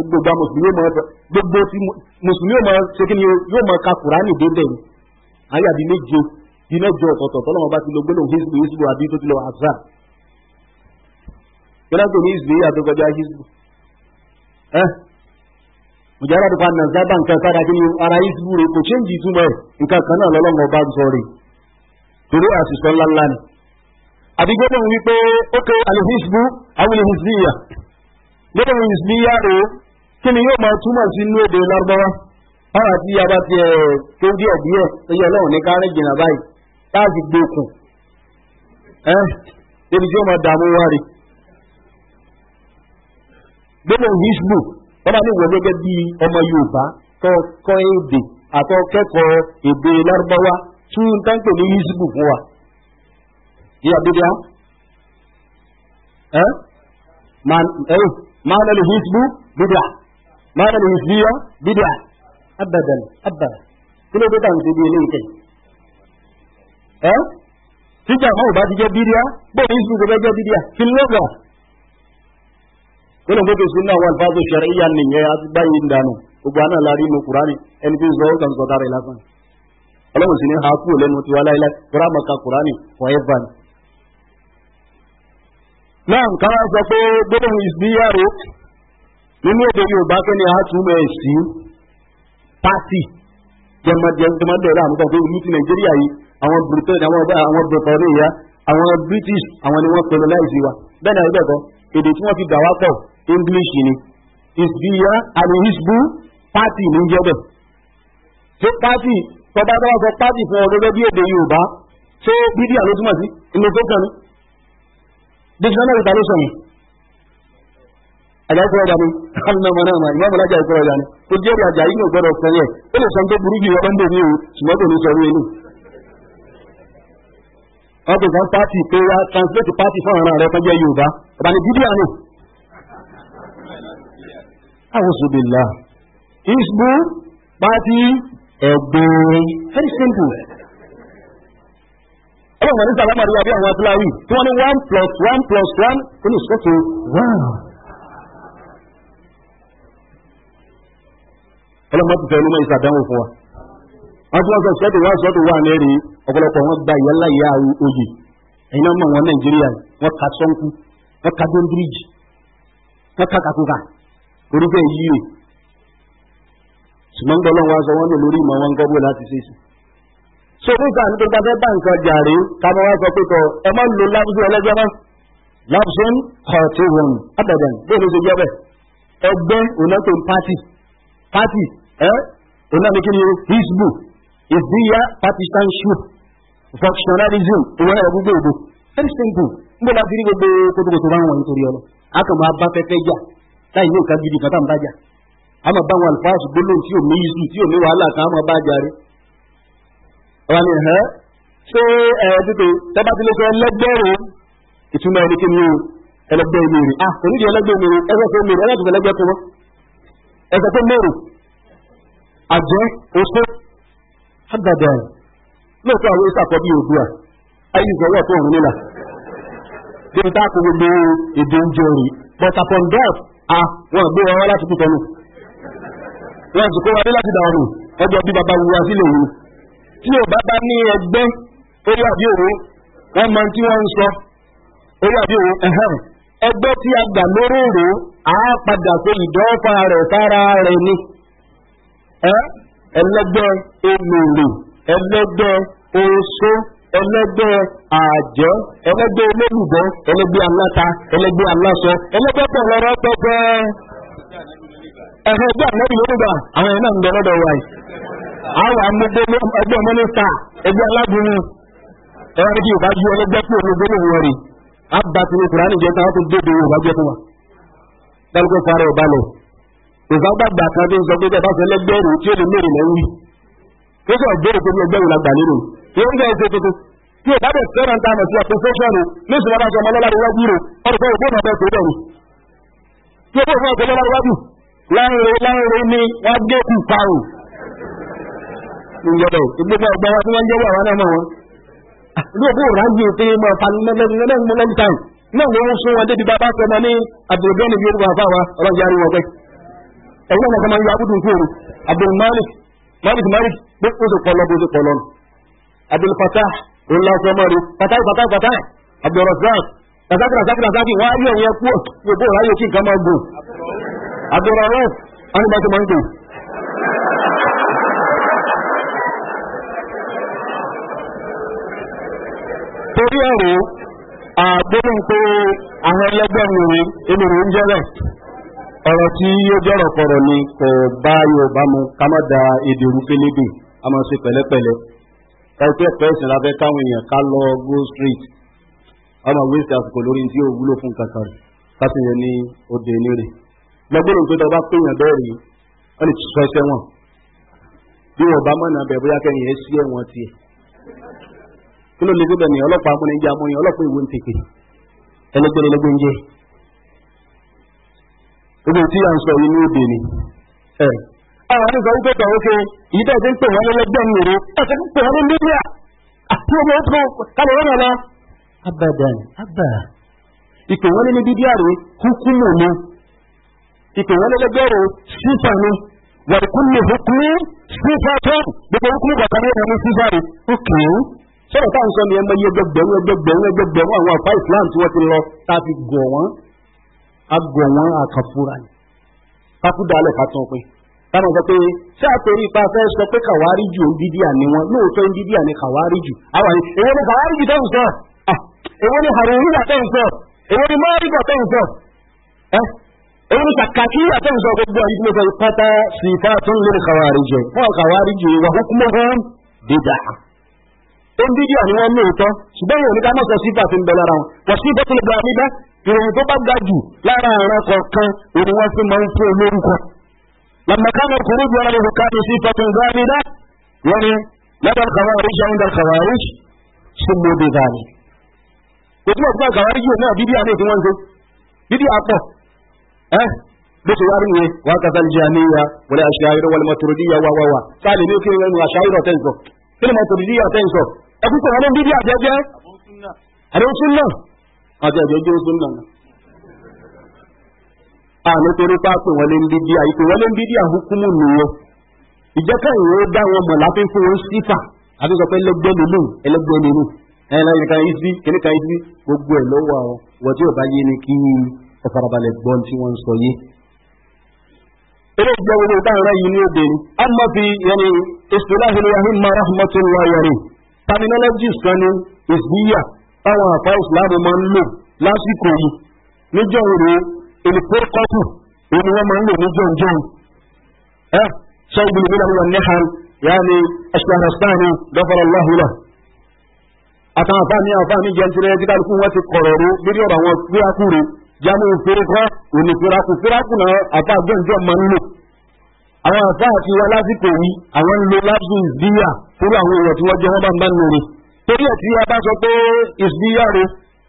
gbogbo mùsùlùmí mọ̀ gbogbo ti mùsùlùmí mọ̀ ṣe kí ni yóò mọ̀ ka kùránì débẹ̀ ni ayé àbí méje di mẹ́jọ ọ̀tọ̀ọ̀tọ̀ tọ́lọ́mọba ti lo gbólóhùn hizbu hizbu àbí tó ti lọ azar yọlọ́gbò ní hizbu yìí àtọ́gbọ́já hizbu ẹ́ mùjára tó fa nàzábà nǹkan sára kí ni ara hizbu rẹ̀ kò ṣéǹjì túmọ̀ nǹkan kan náà lọ́lọ́mọba sọ rẹ̀ torí àṣìṣọ́ ńláńlá ni àbí gbẹ́dọ̀n wípé ókè alìhìsbú awìlìhìsbíyà gbẹ́dọ̀n hìsbíyà o kí ni yóò máa túmọ̀ sí inú èdè lárúbáwá báwa tí a bá ti ẹ̀ eh, tó díẹ̀ díẹ̀ ẹyẹ ọlọ́run ní kárẹ́ jìnnà báyìí láti gbókùn ẹ débi tí ó máa dààmú wá rí gbẹ́dọ̀n hìsbú wọ́n bá ní ìwọ gẹ́gẹ́ bí ọmọ yorùbá kọ́ èdè àtọ́kẹ́kọ̀ọ́ èdè lárúbáwá tún táǹkì ní hìsbú fún wa. Dia bidia, eh معنى الحزب بدعة معنى الحزبية بدعة أبدا أبدا كل بدعة مسيبية لنكي أه؟ تيجا هو بعد جاب بدعة بو حزب جاب جاب بدعة bidia, اللغة kódà gbogbo sunna wà lùfáàzù sẹ̀ríyà nìyẹn àtúgbà yìí ń dànù gbogbo àná làárí mu kúránì ẹni tí ń sọ ó kàn sọ dára ẹ̀ lásán ọlọ́run sì ní ha kúrò lẹ́nu tiwa láyé láyé kúránì ka kúránì forever ni náà nǹkan wá sọ pé gbólóhùn ìsìnyàrò nínú èdè yorùbá tó ní àtúmọ̀ ẹ̀ sí pátì jẹmọdẹrẹ àmúkọ pé ìlú ti nàìjíríà yìí àwọn britain àwọn àwọn britain ya àwọn british àwọn ni wọn colonize wa bẹ́ẹ̀ náà bẹ́ẹ̀ kọ́ èdè tí wọn fi dà wá pọ̀ english ni ìsìnyà àmì ìsìbú pátì ní jẹbẹ ṣé pátì tọba tó wá sọ pátì fún ọ gẹ́gẹ́ bí èdè yorùbá ṣé bídíà ló túmọ̀ sí inú tó kàn ní dictionary ta ló sọ yẹn àjàkúrọ̀ dání alùmọ̀nàmà ìmọ̀mọ̀lá àjàkúrọ̀ dání ó jẹ́ rí àjà yìí gbọ́dọ̀ sọ yẹn ó lè sọ pé burú jù ọ̀rọ̀ ń translate pàtì fún ọ̀ràn rẹ̀ kọjá yorùbá ọ̀bàní bíbí àná. àwòsùbìlà isbu pàtì ẹ̀gbẹ́ very simple ọlọ́run ní sàlámà rí àbí àwọn afúláwì tí wọ́n ní one plus one plus one kò ní ìṣòkò one. ọlọ́run ti tẹ̀lé mọ́ ìsàdánwò fún wa. wọ́n ti wọ́n sọ sọ́ọ̀tù wá sọ́ọ̀tù wà lẹ́rìí ọ̀pọ̀lọpọ̀ wọn gba ìyá láyé oyè ẹ̀yin náà mọ̀ wọn nàìjíríà wọn ka sọ́nkú wọn ka dóńdíríjì wọn ka kakuka orí bẹ́ẹ̀ yíyè ṣùgbọ́n gbọ́dọ̀ wọn sọ wọn lò lórí ìmọ̀ wọn gẹ́gbó láti ṣèṣì so nígbà ní gbogbo afẹ́ bá nǹkan jàre kábọ̀ wá sọ pé kọ ẹ máa ń lo lábùsùn ẹlẹ́jọ́ náà lábùsùn kọ̀ọ̀tìwọ̀n abẹ̀dẹ̀n bí èmi ṣe jẹ́ bẹ̀ ẹgbẹ́ onáto pátì pátì ẹ onáto ni hizbu ìdíyà partisanship functionalism ìwọ ẹ̀rọ gbogbo ògbò very simple ń bọ̀ láti rí gbogbo kótókótó bá wọn nítorí ọlọ akọ̀mọ̀ abáfẹ́fẹ́ jà láì ní nǹkan gidi kan tá à ń bá jà àmọ̀ báwọn àlùfáàsì gbólóhùn tí ò ọ̀rọ̀ ni ẹ̀hẹ́ ṣé ẹ̀ tètè tọ́ba ti lè fẹ́ lẹ́gbẹ̀rún ìtumọ̀ ẹni kí ni o ẹlẹgbẹ́ mi rè ah onídìí ẹlẹgbẹ́ mi rè ẹgbẹ́ tó mi rè ẹgbẹ́ tó fẹ́ lẹ́gbẹ́ tó wọ́n ẹgbẹ́ tó mi rè àjẹ́ oṣù agbada ẹ̀ lóòótọ́ àwọn oṣù àkọ́bí òdua ayé ìgbọ̀wọ́ tó òun nílà débi tá a kò gbogbo èdè oúnjẹ rè but upon that ah wọn gbé wọn wá láti kú tọ́nu wọn sì wọn dé láti dà ọ̀nù bí baba wù wá sílẹ̀ yìí tí o bá bá ní ọgbọ́n orí àbí òru wọ́n mọ tí wọ́n ń sọ orí àbí òru ẹ̀hẹ́n tí a gbà lórí òru á padà pé ìdánfà rẹ̀ sára rẹ̀ ni ẹlẹ́gbẹ́ olòlò oṣó olólùbọ́ aláta aláṣọ pẹ́pẹ́ àwọn ẹ̀ náà àwọn amúgbó ẹgbẹ́ mọ́nísà ẹgbẹ́ alágbóhùn ẹ̀rọ kí yorùbá ju ẹgbẹ́ pé omi gbólóhùn wọn rè abàtì ní kùránì jẹ́ táwọn tó dédé yorùbá jẹ́ fún wa dárúkọ fara ọ̀bá lọ yorùbá gbàgbà kan tó ń sọ pé bẹ́ẹ̀ bá fẹ́ lẹ́gbẹ́rún tí ó lè mẹ́rin lẹ́yìn wí kí ó sọ béèrè pé ẹgbẹ́rún la gbà lérò yóò ń bẹ́ẹ̀ ṣe tuntun tí yorùbá bẹ̀ fẹ́ràn ní yọ̀dọ̀ ìgbésẹ̀ ọgbà wa tí wọ́n jẹ́wọ́ àwọn náà mọ̀ wọn. lóòbù ah, rájì pé mo fa lẹ́gbẹ̀lẹ́gbẹ̀lẹ́gbẹ̀ táì náà wọ́n sún wọn débi bàbá sọmọ ní abdulgani bí orúkọ àfa wa ọlọ́jà rí wọn pẹ́. ẹ̀yin náà kọ́mọ yọ abudu nkúru abdul malik malik malik bó ṣe kọlọ bó ṣe kọlọ nù. abdul fatah ńlá sọmọ rí fatah fatah fatah abdul razak razak razak razak wọn á rí ẹ̀yìn ẹ̀kú yòókù ráyè kí nǹkan máa gbò abdul rahman wọn ni ń gbò. torí ẹ̀rọ àgbóhùn pé àwọn ẹlẹ́gbẹ́ mi ń jẹ́ ọ̀rọ̀ tí yóò jọ̀rọ̀ pọ̀rọ̀ ni kò bá yorùbá mu ká má da èdè a máa ṣe pẹ̀lẹ́pẹ̀lẹ́ ẹgbẹ́ lábẹ́ káwọn èèyàn ká lọ go street ọmọ wíṣẹ́ àsìkò lórí tí ó wúlò fún kankan láti yẹn ní òde nírè lọ́gbọ́n tó péyàn sọ kí ló lè gbé bẹ̀rẹ̀ ọlọ́pàá amúnijẹ amúnijẹ ọlọ́pàá ìwé ń tètè ẹlẹgbẹ́lẹ́ lẹ́gbẹ́ ń jẹ́ gbogbo tí a ń sọ inú òde ni ẹ̀ àwọn àdúgbò wípé tọ̀ ókè yìí tẹ̀ ń pè wọ́n lẹ́lẹ́gbẹ́ mi rè ẹ̀sẹ̀ ń pè wọ́n ní mílíà àti ọmọ ó tó kálọ̀ wọ́n lọ. abadan aba ìpè wọ́n ní bíbí àrè hukumu ni ìpè wọ́n lẹ́lẹ́gbẹ́ rè ni wàlúkú ni hukumu sísà tó gbogbo hukumu kọ̀ọ̀kan ní ìrọ̀lú sísà rè ókè sọ̀rọ̀ táwọn sọ ni ẹ mọyé ẹgbẹgbẹ̀rún ẹgbẹgbẹ̀rún ẹgbẹgbẹ̀rún àwọn àfa islam tí wọ́n ti lọ tá a fi gọ̀ wọ́n a gọ̀ wọ́n àkànfúra ni kápúdà alẹ́ ká tán pé táwọn sọ pé ṣé àtòrí ipa fẹ́ sọ pé kàwárí jù ń dídí àní wọn lóòótọ́ ń dídí àní kàwárí jù àwọn àyè èwo kàwárí jù tẹ́wọ̀n sọ èwo ni haruna tẹ́wọ̀n sọ èwo ni mọ́rìbọ̀ tẹ́wọ̀n sọ èwo ni sàkàkíyà tẹ́wọ̀n sọ gbogbo àyè tí pátá sí ifá tó ń lé kàwárí jù fún kàwárí jù wà hukumahum bid'ah ó ń bídíà ni wọ́n ní òótọ́ ṣùgbọ́n ìwọ̀n ní ká mọ̀ sọ sífà tí ń bẹ lára wọn wọ́n sí ìbọn tó lè gba nígbà ìròyìn tó bá ga jù lára àwọn kọ̀ọ̀kan òní wọ́n fi máa ń fún olórúkọ. làmàkánà kúrú bí wọn lè ká ní sífà tó ń gbá nígbà wọn ni lọ́dọ̀ kàwárí ṣe ń dọ̀ kàwárí ṣe mú bí gani. kò túmọ̀ kàwárí yìí náà bídíà ní ìfún bídíà pọ̀ ẹ́ bóso wá rí wọn kàtà jàmíyà wọlé àṣà ìrọwọlé mọtòròdíyà wáwáwá sáà lè ní kí ni wọn àṣà ìrọ tẹ́ǹsọ̀ kí ni mọtòròdíyà tẹ́ǹsọ̀ ẹkú sọ wọn ló ń bíbí àjẹjẹ àdéhùn súnà àti àjẹjẹ súnà àmì torí pa pé wọn lè ń bíbí àìpé wọn lè ń bíbí àhúkúmù nìyẹn ìjẹ́kẹ́ ìwé dá wọn mọ̀ láti fún wọn sífà àti sọ pé ẹlẹgbẹ́ nínú ẹlẹgbẹ́ nínú ẹlẹgbẹ́ kan isi kíní kan isi gbogbo ẹ̀ lọ́wọ́ àwọn wọ́n tí ò bá yé ni kí ẹ farabalẹ̀ tí wọ́n ń sọ yé. eléyìí jẹ́ wọlé ìdáhùn rẹ̀ yìí ní òde ni a mọ̀ fi yẹn ni ìsúláhìlì yahoo rahmatulahi yẹn terminologies kan ní ìsìyà táwọn àfa ìsìláàmù máa ń lò lásìkò yìí níjọ́ ìrò ìlúpẹ́kọ́tù èyí wọ́n máa ń lò níjọ́ ìjọ́ ẹ ṣẹ́gun ìlú lọ́wọ́ nìhan yáni ẹ̀ṣẹ̀rẹ̀sánì gọ́fọ́rọ̀ lọ́hùlà àtàwọn àfa ní àfa ní jẹntìrẹ́ tí kálukú wọn ti kọ̀rọ̀ ro ọ̀rọ̀ àwọn òní náà máa ń lò àwọn àfa àti wa lásìkò yìí àwọn ń lo lábùsù ìsbíyà fún àwọn èèyàn tí wọ́n jẹ́ wọ́n bá ń bá nù rè torí ẹ̀ tí a bá sọ pé ìsbíyà rè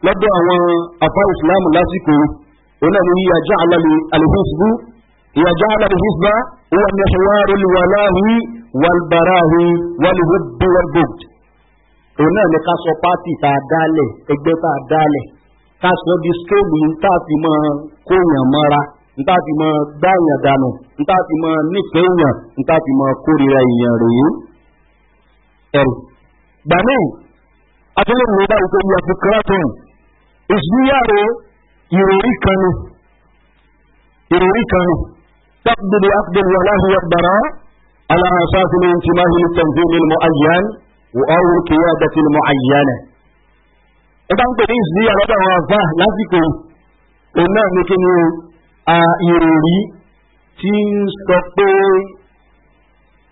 lọ́dọ̀ àwọn àfa ìsìlámù lásìkò yìí òun náà ni ìyàjá alẹ́ alẹ́hìsbú ìyàjá alẹ́ hìsbá ìwà mẹ́sàwárò wàláhì wàlbàráhì wàlúhùbù wàlbùd òun nta ti mọ gbáyàn dànù nta ti mọ nífẹ̀ẹ́ èèyàn nta ti mọ kórìíra èèyàn rèé ẹ̀rù. gbàmí atúlẹ̀mí bá ìpè yẹ fún kraton ìṣúyàrá ìròrí kan ni ìròrí kan ni tábìlì akademi aláhùn yàgbára aláhàṣáṣí ní ntìmáhì ní mọ àyàn wò ọ̀rùn kìíyà dàtìlì mọ àyàn. ẹ bá ń pè àwọn àfà lásìkò òun náà kí ni o ìròrí tí ń sọ pé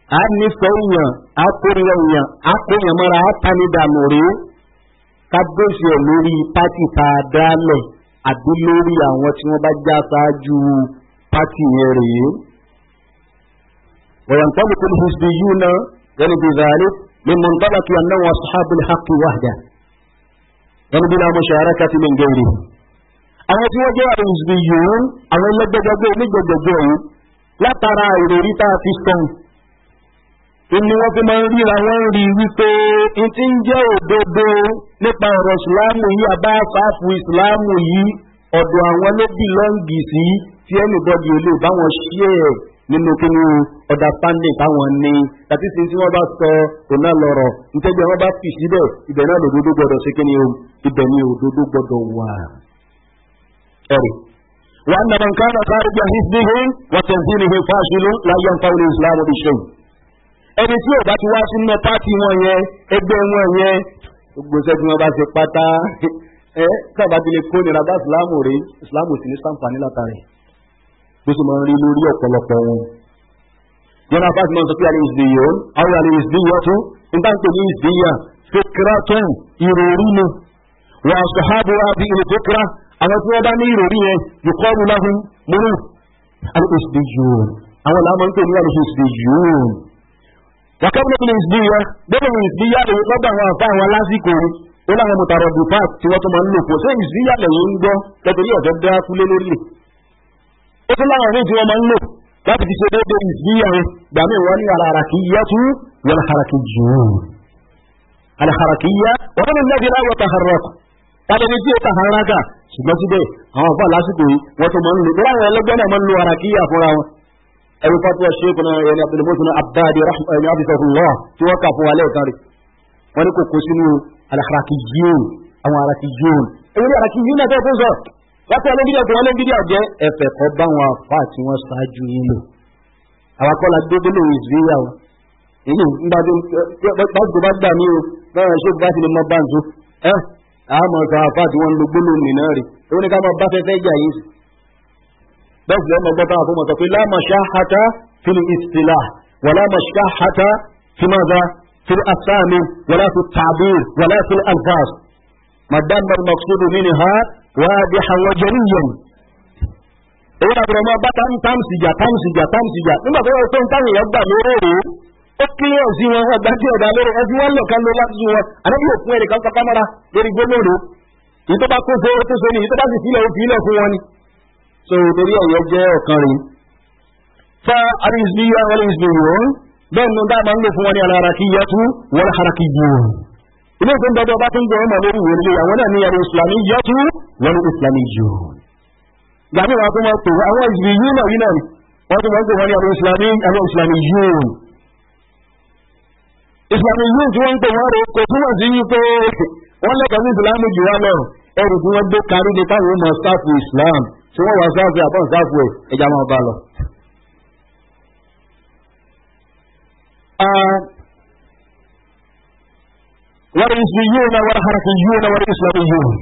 a nífẹ̀ẹ́ èèyàn a kórìíra èèyàn a kórìíra mọ́ra a tani dànù rèé ká gbèsè ẹ̀ lórí pátì tá a dálẹ̀ àbí lórí àwọn tí wọ́n bá já ṣáájú pátì yẹn rèé. وينطلق الحزبيون يعني بذلك من منطلق أنه أصحاب الحق وحده يعني بلا مشاركة من غيرهم àwọn tí wọ́n jẹ́ àìsàn yòó àwọn ẹlẹ́gbẹ́gbẹ́ onígbẹ̀gbẹ̀gbẹ̀ ọ̀hún látara ìròrí tá a fi sọ̀n inú wọn fi máa ń ríra wọn rí wípé n ti ń jẹ́ òdodo nípa ọ̀rọ̀ ìsìláàmù yìí àbá fàáfù ìsìláàmù yìí ọ̀dọ̀ àwọn ló bì lọ́ǹgì sí tí ẹnìbọ́dì olè báwọn ṣíẹ̀ nínú kínú ọ̀dà pàǹdì táwọn ní àti sí tí wọ́n bá sọ kò náà lọ́rọ̀ nítorí wọn bá fì síbẹ̀ ibẹ̀ náà lòdodo gbọdọ̀ ṣe kí ni ibẹ̀ ni òdodo gbọdọ̀ wà ẹ̀rù. wọ́n nà máa ń kán náà jà hizbihi wọ́n tẹ̀ sí nìhe fásilú láyé nǹkan olè ìsìlámù ìṣe. ẹni tí ò bá ti wá sínú pátì wọn yẹn ẹgbẹ́ wọn yẹn gbogbo sẹ́gun wọn bá ṣe pátá (laughs) ẹ sábà ti lè kó nira bá ìsìlámù rè ìsìlámù sì ní sàǹfààní látàrí bó ṣe máa ń rí lórí ọ̀pọ̀lọpọ̀ wọn. yọ́nà fásitì máa ń sọ pé àlè ìsìdìyàn àwọn àlè ìsìdìyàn tún nígbà tó ní ìsìdìyàn fikratun ìròrí ni wà sọ̀hábù àwọn tí wọ́n bá ní ìròrí yẹn yòkọ́rù láhùn múrù alùpùsùdì yòòrùn àwọn làwọn ń pè ní alùpùsùdì yòòrùn wàkẹ́bùn ìpínlẹ̀ ìsìdí yẹn gbẹ́bùn ìsìdí yàlẹ̀ lọ́gbà àwọn àfa àwọn lásìkò ó láwọn mọ̀tàrọ̀ dùpá tí wọ́n tún máa ń lò pọ̀ sí ìsìdí yàlẹ̀ yìí ń gbọ́ kẹtẹ̀lé ọ̀fẹ́ dá kúlé lórí ó tún láwọn ní tí wọ́n máa ń lò láti fi ṣe déédé ìsìdí wọ́n tẹ́lẹ̀ tí ó ta ara ká ṣùgbọ́n síbẹ̀ àwọn àfáà lásìkò yìí wọ́n tún máa ń lò bẹ́ẹ̀ àwọn ẹlẹ́gbẹ́ náà máa ń lo ara kí yà fúnra wọn. ẹ̀rù fatuwa ṣéèkù náà ẹni abdadi rahman abdulmohsen tí wọ́n kà fún wa lẹ́ẹ̀kan rẹ̀ wọ́n ní kò kó sínú alakarakijiyon àwọn alakijiyun. èyí ni náà tẹ́ fún sọ kọ́ bá wọn ṣáájú yín àmọ́ sọ àfa tí wọ́n ń lo gbólóhùn nìna rè èwo ni ká máa bá fẹ́fẹ́ jà yín sí. bẹ́ẹ̀ sì ọmọ gbọ́dọ̀ àfọmọ sọ pé láàmàṣá hata fílù ìsìlá wà láàmàṣá hata fímàdà fílù àsáàmì wàlá fi tàbír wàlá fi alfas. màdàmà mọ̀kúdù nínú ha wà á di àwọn jẹ̀ríyàn. èwo àbúrò ọmọ bá tàmsìjà tàmsìjà tàmsìjà nígbà tó yẹ ó kílẹ̀ sí wọn ọgbà tí ọ̀dà lórí ẹbí wọn lọ̀ kan ló láti sùn wọn àdébí òkun ẹ̀rẹ̀ kan sọpá mọ́ra lórí gbólóòdó èyí tó bá kó so ó tó so ni èyí tó bá sì sílẹ̀ ó fìlẹ̀ fún wọn ni. so torí ọ̀yọ́ jẹ́ ọ̀kan rèé fa arizbi wàhálà izbi wọn bẹ́ẹ̀ ni dáa máa ń lò fún wọn ní aláraki yẹtu wọn haraki yẹn ilé ìfún dọdọ bá tún gbọ́n mọ̀ lórí ìwé ilé àwọn náà ní ẹ̀rọ ìsìlámì yẹtu wọn ní ìsìlámì yẹn gbàgbé wọn máa pè àwọn ìzìlì yìí náà yìí náà wọn tún máa ń pè wọn ní ẹ̀rọ ìsìlámì yẹn ìsìlámù yìí tí wọ́n ń pè wọ́n rè kò túmọ̀ sí wípé wọ́n lẹ́kọ̀ọ́ ní ìsìlámù jù wá lọ ẹrù tí wọ́n gbé kárí ni táwọn ọmọ sáfù ìsìlám tí wọ́n wà sáfù àbọ̀ sáfù ẹ̀ ẹja máa bá lọ. wọ́n rí ìsìn yìí náà wọ́n haraki yìí náà wọ́n rí ìsìlámù yìí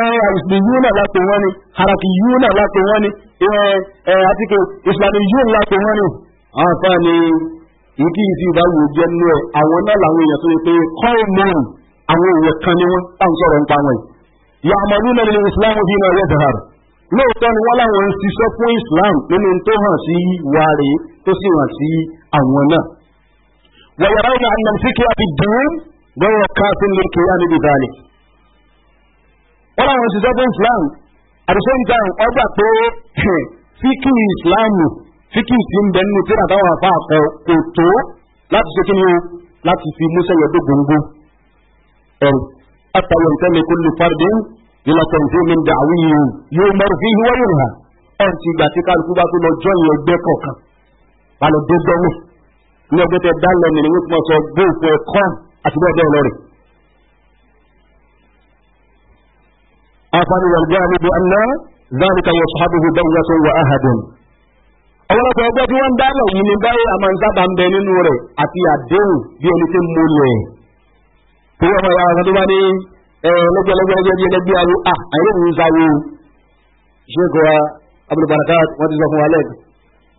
ẹ̀ẹ́n àìsìn náà láti wọ́n ni haraki yìí náà láti wọ́n ni ìsìlámù yìí láti wọ́n ni àwọn èyíkéyìí tí ìbá wò jẹ́ nú ẹ̀ àwọn náà làwọn èèyàn tó yẹ pé kọ́ọ̀ mọ́ọ̀n àwọn èèyàn kan ni wọ́n tá ń sọ̀rọ̀ ń pa wọn yìí. ìyá àmàlú náà ní islam fi náà rẹ̀ dàrú lóòótọ́ ni wọ́n láwọn ń ṣiṣẹ́ fún islam nínú tó hàn sí wa rè é tó sì hàn sí àwọn náà. wọ̀yàrá ìlà ànàmsíkì àti dùn gbọ́dọ̀ ká sí ní kéyà níbi ìbàlẹ̀. wọ́n láwọn ń ṣiṣẹ́ fún islam àdìsẹ́ ìjà pé fíkì islam fíkì tí ń bẹ nínú tíra táwọn afa àkọ kò tó láti ṣe kí ni o láti fi musa yọ dógóńgó ẹrù àtàwọn nǹkan lè kó lè fáridé nínú kọ̀ǹtì mi ń dà àwọn yìí yóò mọ̀rọ̀ fi yíwá yóò hà ẹ̀rù ti gbà tí kálukú bá tó lọ jọ́ ìyẹn ẹgbẹ́ kọ̀ọ̀kan wà dé dánwò ní ọgbẹ́ tẹ dálẹ̀ nìyẹn wọ́n sọ gbóòfù ẹ̀kọ́ àti bẹ́ẹ̀ bẹ́ẹ̀ lọ rẹ̀. àfààní wàlúwà ni bí ọ̀nà ذلك يصحبه بغية وأهد ọ̀pọ̀lọpọ̀ ẹgbẹ́ tí wọ́n ń dálẹ̀ yìí ni báyìí a máa ń sábà ń bẹ nínú rẹ̀ àti àdéhùn bí ẹni tí ń múlẹ̀ tí wọ́n máa yára tó bá ní lẹ́gbẹ̀lẹ́gbẹ̀lẹ́gbẹ̀ bí ẹlẹ́gbẹ̀ arú à àìrìn ń sáwó ṣéèkọ́ abúlùbàràká wọ́n ti sọ fún wa lẹ́ẹ̀kan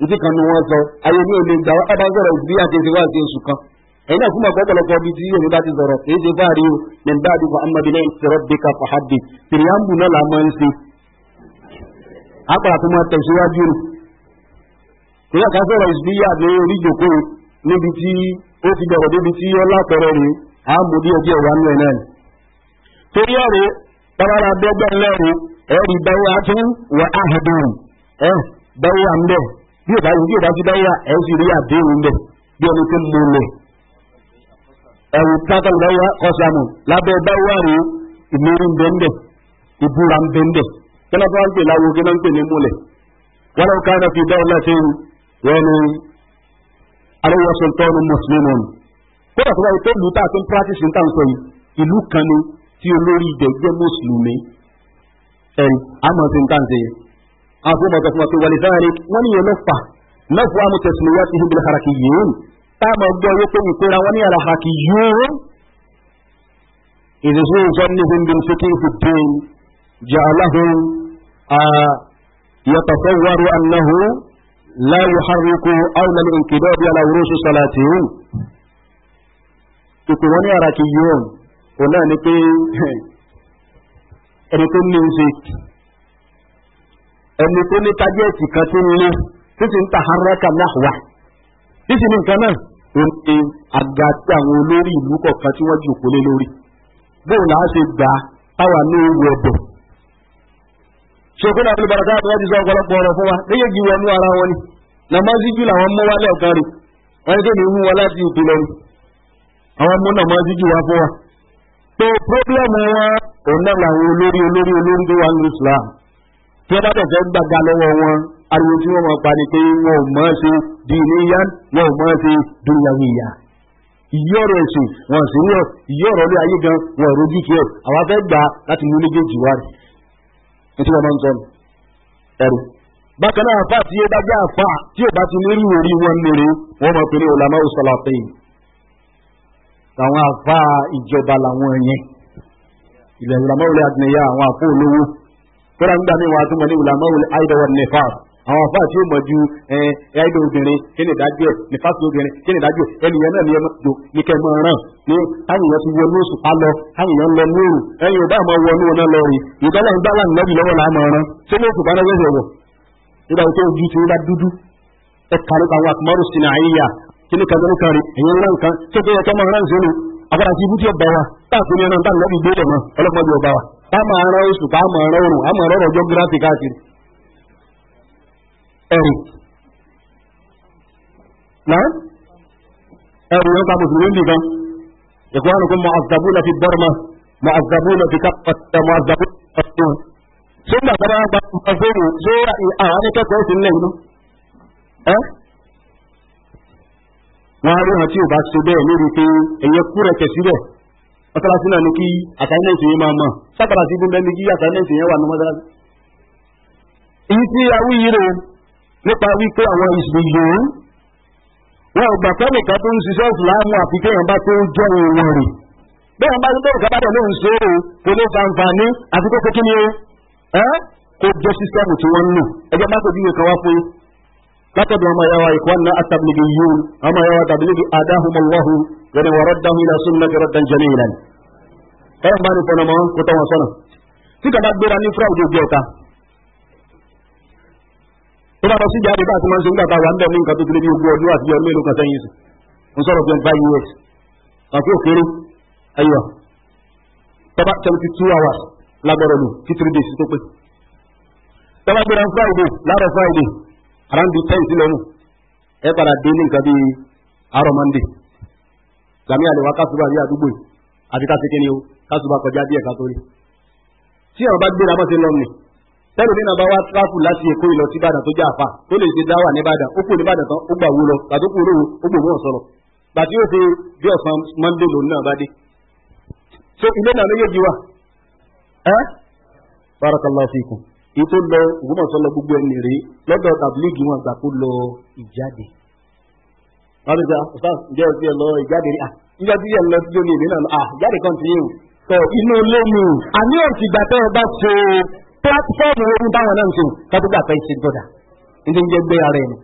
ìdí kan ni wọ́n sọ ayé ní èlé ìgbà ọba sọ̀rọ̀ bí a ti ṣe wá sí oṣù kan ẹ̀yìn náà fún ọ̀pọ̀lọpọ̀ bí tí yorùbá ti sọ̀rọ̀ kì í ṣe fáàrí o nígbà àdúgbò amadilẹ̀ ìṣòro bíkà fàhádì tìrìyàmbù náà la máa ń ṣe. àpàlà tó máa tẹ̀síwájú rù ìyá kan sọ̀rọ̀ ìsìlíyà ní orí ìjòkó níbi tí ó ti bẹ̀rẹ̀ níbi tí ọlá pẹ̀rẹ̀ rí a mú bí ọjọ́ ìwà ní ẹ̀nà torí ẹ̀rọ babalá dọ́gbẹ́ lẹ́rù ẹ̀rì bẹ́ẹ̀ atún wọ ahẹ́dùn ẹ̀ bẹ́ẹ̀ ń bẹ̀ bí ìbá yìí bí ìbá ti ẹ̀ sì rí àdéhùn bẹ̀ bí tó mú lẹ̀ ẹ̀rù lábẹ́ ìmúrí ìbúra kí wẹ́ni aláwọ̀ sọ̀tọ́nù mùsùlùmù kódà tó báyìí tó lù tá a tó ń pírátìsì níta nǹkan yìí ìlú kan ni tí olórí ibẹ̀ jẹ́ mùsùlùmí ẹ̀rí àmọ́ sí níta nǹkan yìí àfọwọ́ mọ̀tọ́ fún wa pé wàlẹ̀ dáhàrí wọ́n ní yẹn lọ́fà náà fún amú tẹ̀sùn wá sí yìí tá a máa gbọ́ owó pé ìkóra wọn ní àlàhà kì yìí ìdíjú ìjọ́nihun bí nfẹ́kì ìfúdín jẹ́ aláhùn yàtọ̀ fẹ́ wárú لا يحرك أول الانقباض على رؤوس صلاتهم ìpèwọ́n ní ara kì yóò ò náà ni pé (laughs) ẹni tó ní music ẹni tó ní tájẹ́ẹ̀tì kan tó ní títí títí ní nǹkan náà ṣekúnà abúlùbàràká àti baraka sọ ọ̀pọ̀lọpọ̀ ọ̀rọ̀ fún wa léyè jí wọnú ara wọn ni na máa zíjú làwọn mú wa lẹ́ẹ̀kan rí wọn tó ní mú wa láti ìpìlẹ̀ rí àwọn mú náà máa zíjú wa fún wa pé pírọ́blẹ́mù wọn òun la làwọn olórí olórí olórí tó wà ní islam tí wọ́n bá tẹ̀ fẹ́ gbàgbà lọ́wọ́ wọn ariwo tí wọ́n máa pa ni pé wọn ò mọ̀ ṣe dìníyà wọn ò mọ̀ ṣe dúnyàwìyà ìyọ́rọ̀ ẹ̀sìn wọn sì ń yọ ìyọ́rọ̀ ilé ayé gan wọn ò rojú tiẹ̀ àwọn afẹ́ gbà láti mú nítorí wọn máa ń sọ ni ẹrù bákan náà àfa tí ó bá jẹ́ àfa tí ó bá ti ní rí orí wọn lórí wọn máa pè ní ọ̀làmọ́ òṣàlàfẹ́yìn àwọn àfa ìjọba làwọn yẹn ilẹ̀ ọ̀làmọ́ òlẹ̀ àdìyẹ àwọn àfọ olówó tó rà ń gbà mí wọn ní ọ̀làmọ́ òlẹ̀ àìdọ̀wọ̀ nẹ̀fà àwọn àfáà tí ó mọ̀ ju ẹ̀ẹ́dọ̀ obìnrin kí ni ìdájọ́ ẹ̀ ní fásitì obìnrin kí ni ìdájọ́ ẹnìyẹn náà ní ẹ máa jò ní kẹ́ máa ràn ní táyìyàn ti wọnú oṣù pa lọ táyìyàn lọ lóòrù ẹ̀yìn ọba àmọ́ wọnú ọ̀nà lọ rí ìdálà ń gbálà nínú lọ́wọ́ làá máa ràn ṣé ní oṣù bá náà wẹ̀wẹ̀ wọ̀ nígbà tó ojú ti bá dúdú ẹ kàrí àwọn àkùmọ́rù kí ni ẹ̀yìn ńlá nǹkan ẹ̀rù náà ẹ̀rù yẹn ká mùsùlùmí nìkan ìkọ́ àrùn kó mọ̀àzàbú lọ fi bọ́rọ̀mà mọ̀àzàbú lọ fi kápẹ́tẹ̀ mọ̀àzàbú lọ ṣé ń gbàgbọ́ wọn gba ọ̀fẹ́rù ṣé àwọn akẹ́kọ̀ọ́ sì ń lẹ̀ inú ẹ́ wọn rí hàn tí ò bá ṣe bẹ́ẹ̀ lórí pé ẹ̀yẹ kúrẹ̀ tẹ̀síbẹ̀ mọ́sálásí náà ní kí àtàlẹ́sì yẹn máa mọ̀ sábàlá sí ibú bẹ́ẹ̀ ní kí àtàlẹ́sì yẹn wà ní mọ́sálásí. èyí tí awúyí rẹ̀ nípa wípé àwọn ìṣèlú wọn ò gbà pé nìkan tó ń ṣiṣẹ́ ìsìláàmù àfi kéèyàn bá tó jọ ìwọ̀n rè bẹ́ẹ̀ bá tó nǹkan bá dẹ̀ lóun ṣe é o kò ló fanfàní àti kókó kí ni o ẹ́ kó jọ sísẹ́mù tí wọ́n ń lò ẹjọ́ má kojú nǹkan wá fún látọ̀dọ̀ ọmọ ìyá wa ní atabiligi yìí ọmọ ìyá wa tabiligi yẹn wọ̀rọ̀ dáhùn tó bá lọ sí jáde bá a ti máa ń ṣe nígbà tá a wà ń bẹ̀ ní nǹkan tó tilé ní ogún ọdún àti ọdún mélòó kan sẹ́yìn sùn ń sọ̀rọ̀ twenty five years àti òkèrè ayọ̀ tọ́ba seventy two hours lágbọ́dọ̀ lò kí three days tó pé tọ́ba gbéra friday láàárọ̀ friday around the ten sí lọ́nù ẹ padà dé ní nǹkan bíi àárọ̀ monday làmì àlè wa kásùbà ní àdúgbò yìí àti kásìkè ni o kásùbà kọjá díẹ̀ ká rí tí àwọn bá gbéra bá ti lọ́mù tẹ́lẹ̀ mi náà bá wá tíráfù láti Èkó ìlọ sí Ìbàdàn tó jẹ́ àfa tó lè ṣe dáwà níbàdàn ó kù níbàdàn tán ó gbà wó lọ tàbí kú olówó ó yóò bí ọ̀sán Monday lòun náà so ilé náà méjèèjì wà ẹ́ barakallahu fikum èyí tó lọ lọ gbogbo ẹni rèé lọ́dọ̀ wọn gbà kó lọ ìjáde. wọ́n ti sọ ìjáde pílátífọ́ọ̀mù orí báwọn náà ń sòrò kátó gbà fẹ́ ṣe gbọ́dà ní jẹ́ gbé ara ẹni.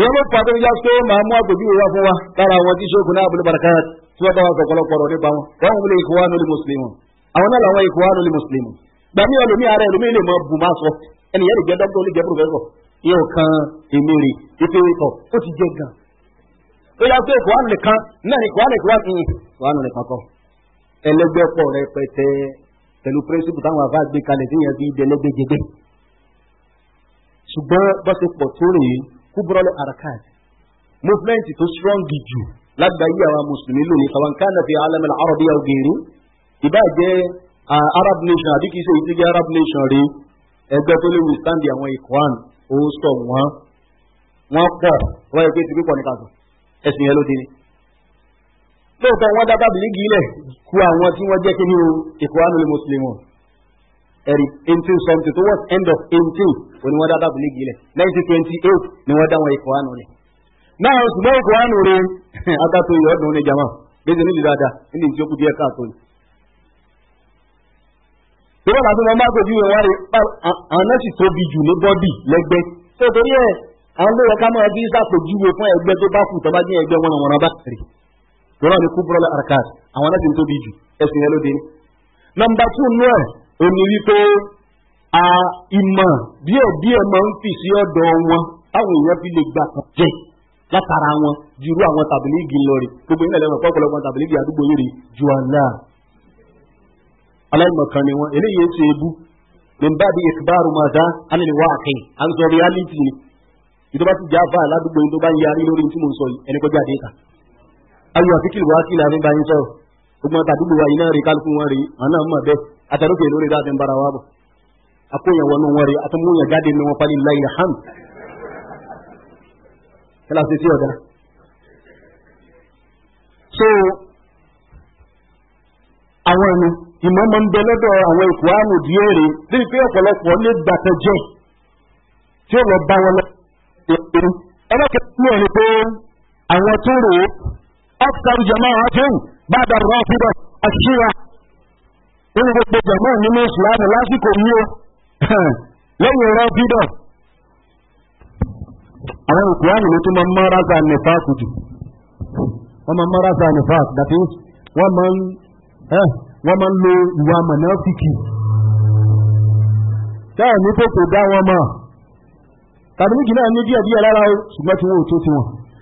ìyẹn ló fà tó ń yá pé màá mú àgbègbè wá fún wa lára àwọn tí ṣóògùn náà abúlé barakaya tí wọ́n bá wa sọ̀kọ́lọ́pọ̀ rọ̀ nípa wọn káwọn wọlé ikọ̀ wánú lè mùsùlùmù àwọn náà làwọn ikọ̀ wánú lè mùsùlùmù gbà mí ẹlòmí ara ẹlòmí lè mọ bù má sọ ẹnìyẹn lè jẹ dókítà olè jẹ pòfẹsọ ìyẹn kan èmi rè ètò ìtọ ó ti jẹ gan. ó yà pé ìkọ̀ wánú nìkan náà ìkọ̀ wánú ìkọ̀ wánú nìkan kọ ẹlẹgbẹ́ pọ̀ rẹpẹtẹ pẹ̀lú pírẹ́sìpù táwọn afá gbé kalẹ̀ tí yẹn fi dẹ́lẹ́gbẹ́jẹgbẹ́ ṣùgbọ́n bọ́sẹ̀ pọ̀ tó rèé kúbúrọ́lẹ̀ arakat movement tó strong jù lágbàáyé àwọn mùsùlùmí lónìí kàwọn kánà fi alamẹ́lá arabiya ògèrè ìbáàjẹ́ arab nation àbí kìí ṣe ìtújẹ́ arab nation rí ẹgbẹ́ tó lè withstand àwọn ikwan ó sọ wọn wọn pọ̀ wọ́n yẹ kí èsì pípọ̀ ní kàtó ẹ̀sìn yẹn ló dé ni lóòótọ́ wọ́n dábàá bìlígì ilẹ̀ ku àwọn tí wọ́n jẹ́ kí ní ìkọ́wánu lè mùsùlùmù ẹ̀rí eighteen something towards end of eighteen òní wọ́n dábàá bìlígì ilẹ̀ nineteen twenty eight ni wọ́n dá wọn ìkọ́wánu rẹ̀ náà ṣùgbọ́n ìkọ́wánu rẹ̀ adáto ìyọ̀ ọdún ní jama bẹ́ẹ̀ ní ìlúdàdà níbi tí ó kú díẹ̀ káàtó ni. ìwọ́n bá tún wọn bá gbòdì wọn wáre àwọn náà sì tóbi jù ní bọ́dì lẹ́gbẹ́ tó torí ẹ̀ àwọn lóore ká máa bí sàpèjúwe fún ẹgbẹ́ tó bá kù tó bá dín ẹgbẹ́ wọn lọ́wọ́ tọ́lá ni kúbúrọ́ la arkas àwọn aláṣẹ tó bí jù ẹ̀sìn yẹn ló dé. nọmba tù nù ẹ̀ ò ní wípé a ìmọ̀ díẹ̀ díẹ̀ máa ń fi sí ọ̀dọ̀ wọn táwọn èèyàn fi lè gbà kàn jẹ́ látara wọn ju irú àwọn tàbílígì lọ rè gbogbo yín lẹ́nu ọ̀pọ̀ ọ̀pọ̀lọpọ̀ tàbílígì àdúgbò yìí rè ju àlá. aláìmọ̀kan ni wọn eléyìí ti ebú nígbà bí ìfibáàrú máa dá alẹ́lẹ́wà àkẹ́yìn à ń sọ reality ni ìjọba ti jà fáà ládùúgbò yìí tó bá ń yarí lórí tí mo ń sọ yìí ẹni kọjá dé ta ayọ̀ àfikìlì wá kílà ní báyìí sọ̀rọ̀ ogun àtàdúgbò wa iná rè kálukú wọn rè wọn náà mọ̀ bẹ́ẹ̀ àtàlókè lórí dáadé ń bára wa bọ̀ akóyàn wọnú wọn rè àtúmúyàn jáde ní wọn pálí láyé ham kíláàsì sí ọ̀dà. so àwọn ẹnu ìmọ̀ máa ń bẹ lọ́dọ̀ àwọn èkó àánú díẹ̀ rè débi pé ọ̀pọ̀lọpọ̀ lè gbàtẹ́ jẹ́ tí ó lọ bá wọn lọ ẹlẹ́kẹ̀ẹ́ ní ẹni pé àwọn tó rò ó أكثر جماعة بعد الرافضة الشيعة nínú gbogbo jẹ̀mọ́ nínú ìsìlámù lásìkò yìí o lẹ́yìn ọ̀rọ̀ bídọ̀ àwọn ìkùránì ló tún máa ń mọ́ra sa nìfàkù jù wọ́n máa ń mọ́ra sa nìfàkù dàtí wọ́n máa ń wọ́n máa ń lo ìwà mọ̀nàfíkì táà ní kòkò dá wọn mọ̀ tàbí nígbìnà ní díẹ̀díẹ̀ lára ṣùgbọ́n tí wọ́n ò tó tiwọn.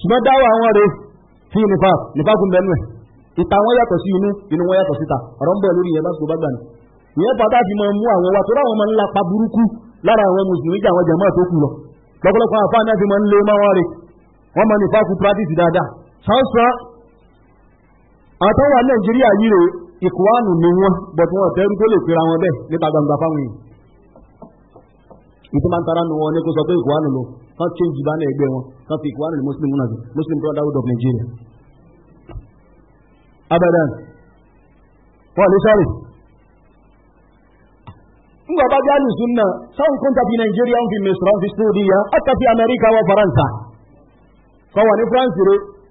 ṣùgbọ́n dáwọ́ àwọn rẹ̀ fi nípa nípa kún bẹ́ẹ̀ nù ẹ̀ ìta wọn yàtọ̀ sí inú inú wọn yàtọ̀ síta ọ̀rọ̀ ń bọ̀ lórí yẹn bá sọ bá gbà ní. ìyẹn pàtàkì máa mú àwọn wa torí àwọn máa ń lapa burúkú lára àwọn mùsùlùmí jà àwọn jàmáà tó kù lọ lọ́pọ̀lọpọ̀ àfáà náà fi máa ń lé máa wọn rẹ̀ wọ́n máa nípa kún practice dáadáa. sáńsán àtàwọn ìtí máa ń tara nù wọn ní kó sọ pé ìkùránì lò kan change bá náà ẹgbẹ́ wọn kan fi ìkùránì lè muslim náà sí muslim brotherhood of nigeria. abadan wọn ní sọ́ọ̀rì ngba bá jáde sunna sáwọn kọ́ńtà fi nàìjíríà ń fi mẹsàn án fi sóòdìyà ọ̀tà fi amẹ́ríkà wọ faransa ní france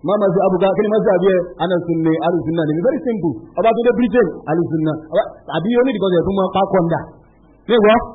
mama si abuka kini ma si abi ana sunne ali sunna ni very simple ọba tó dé britain Alu sunna àbí yóò ní fún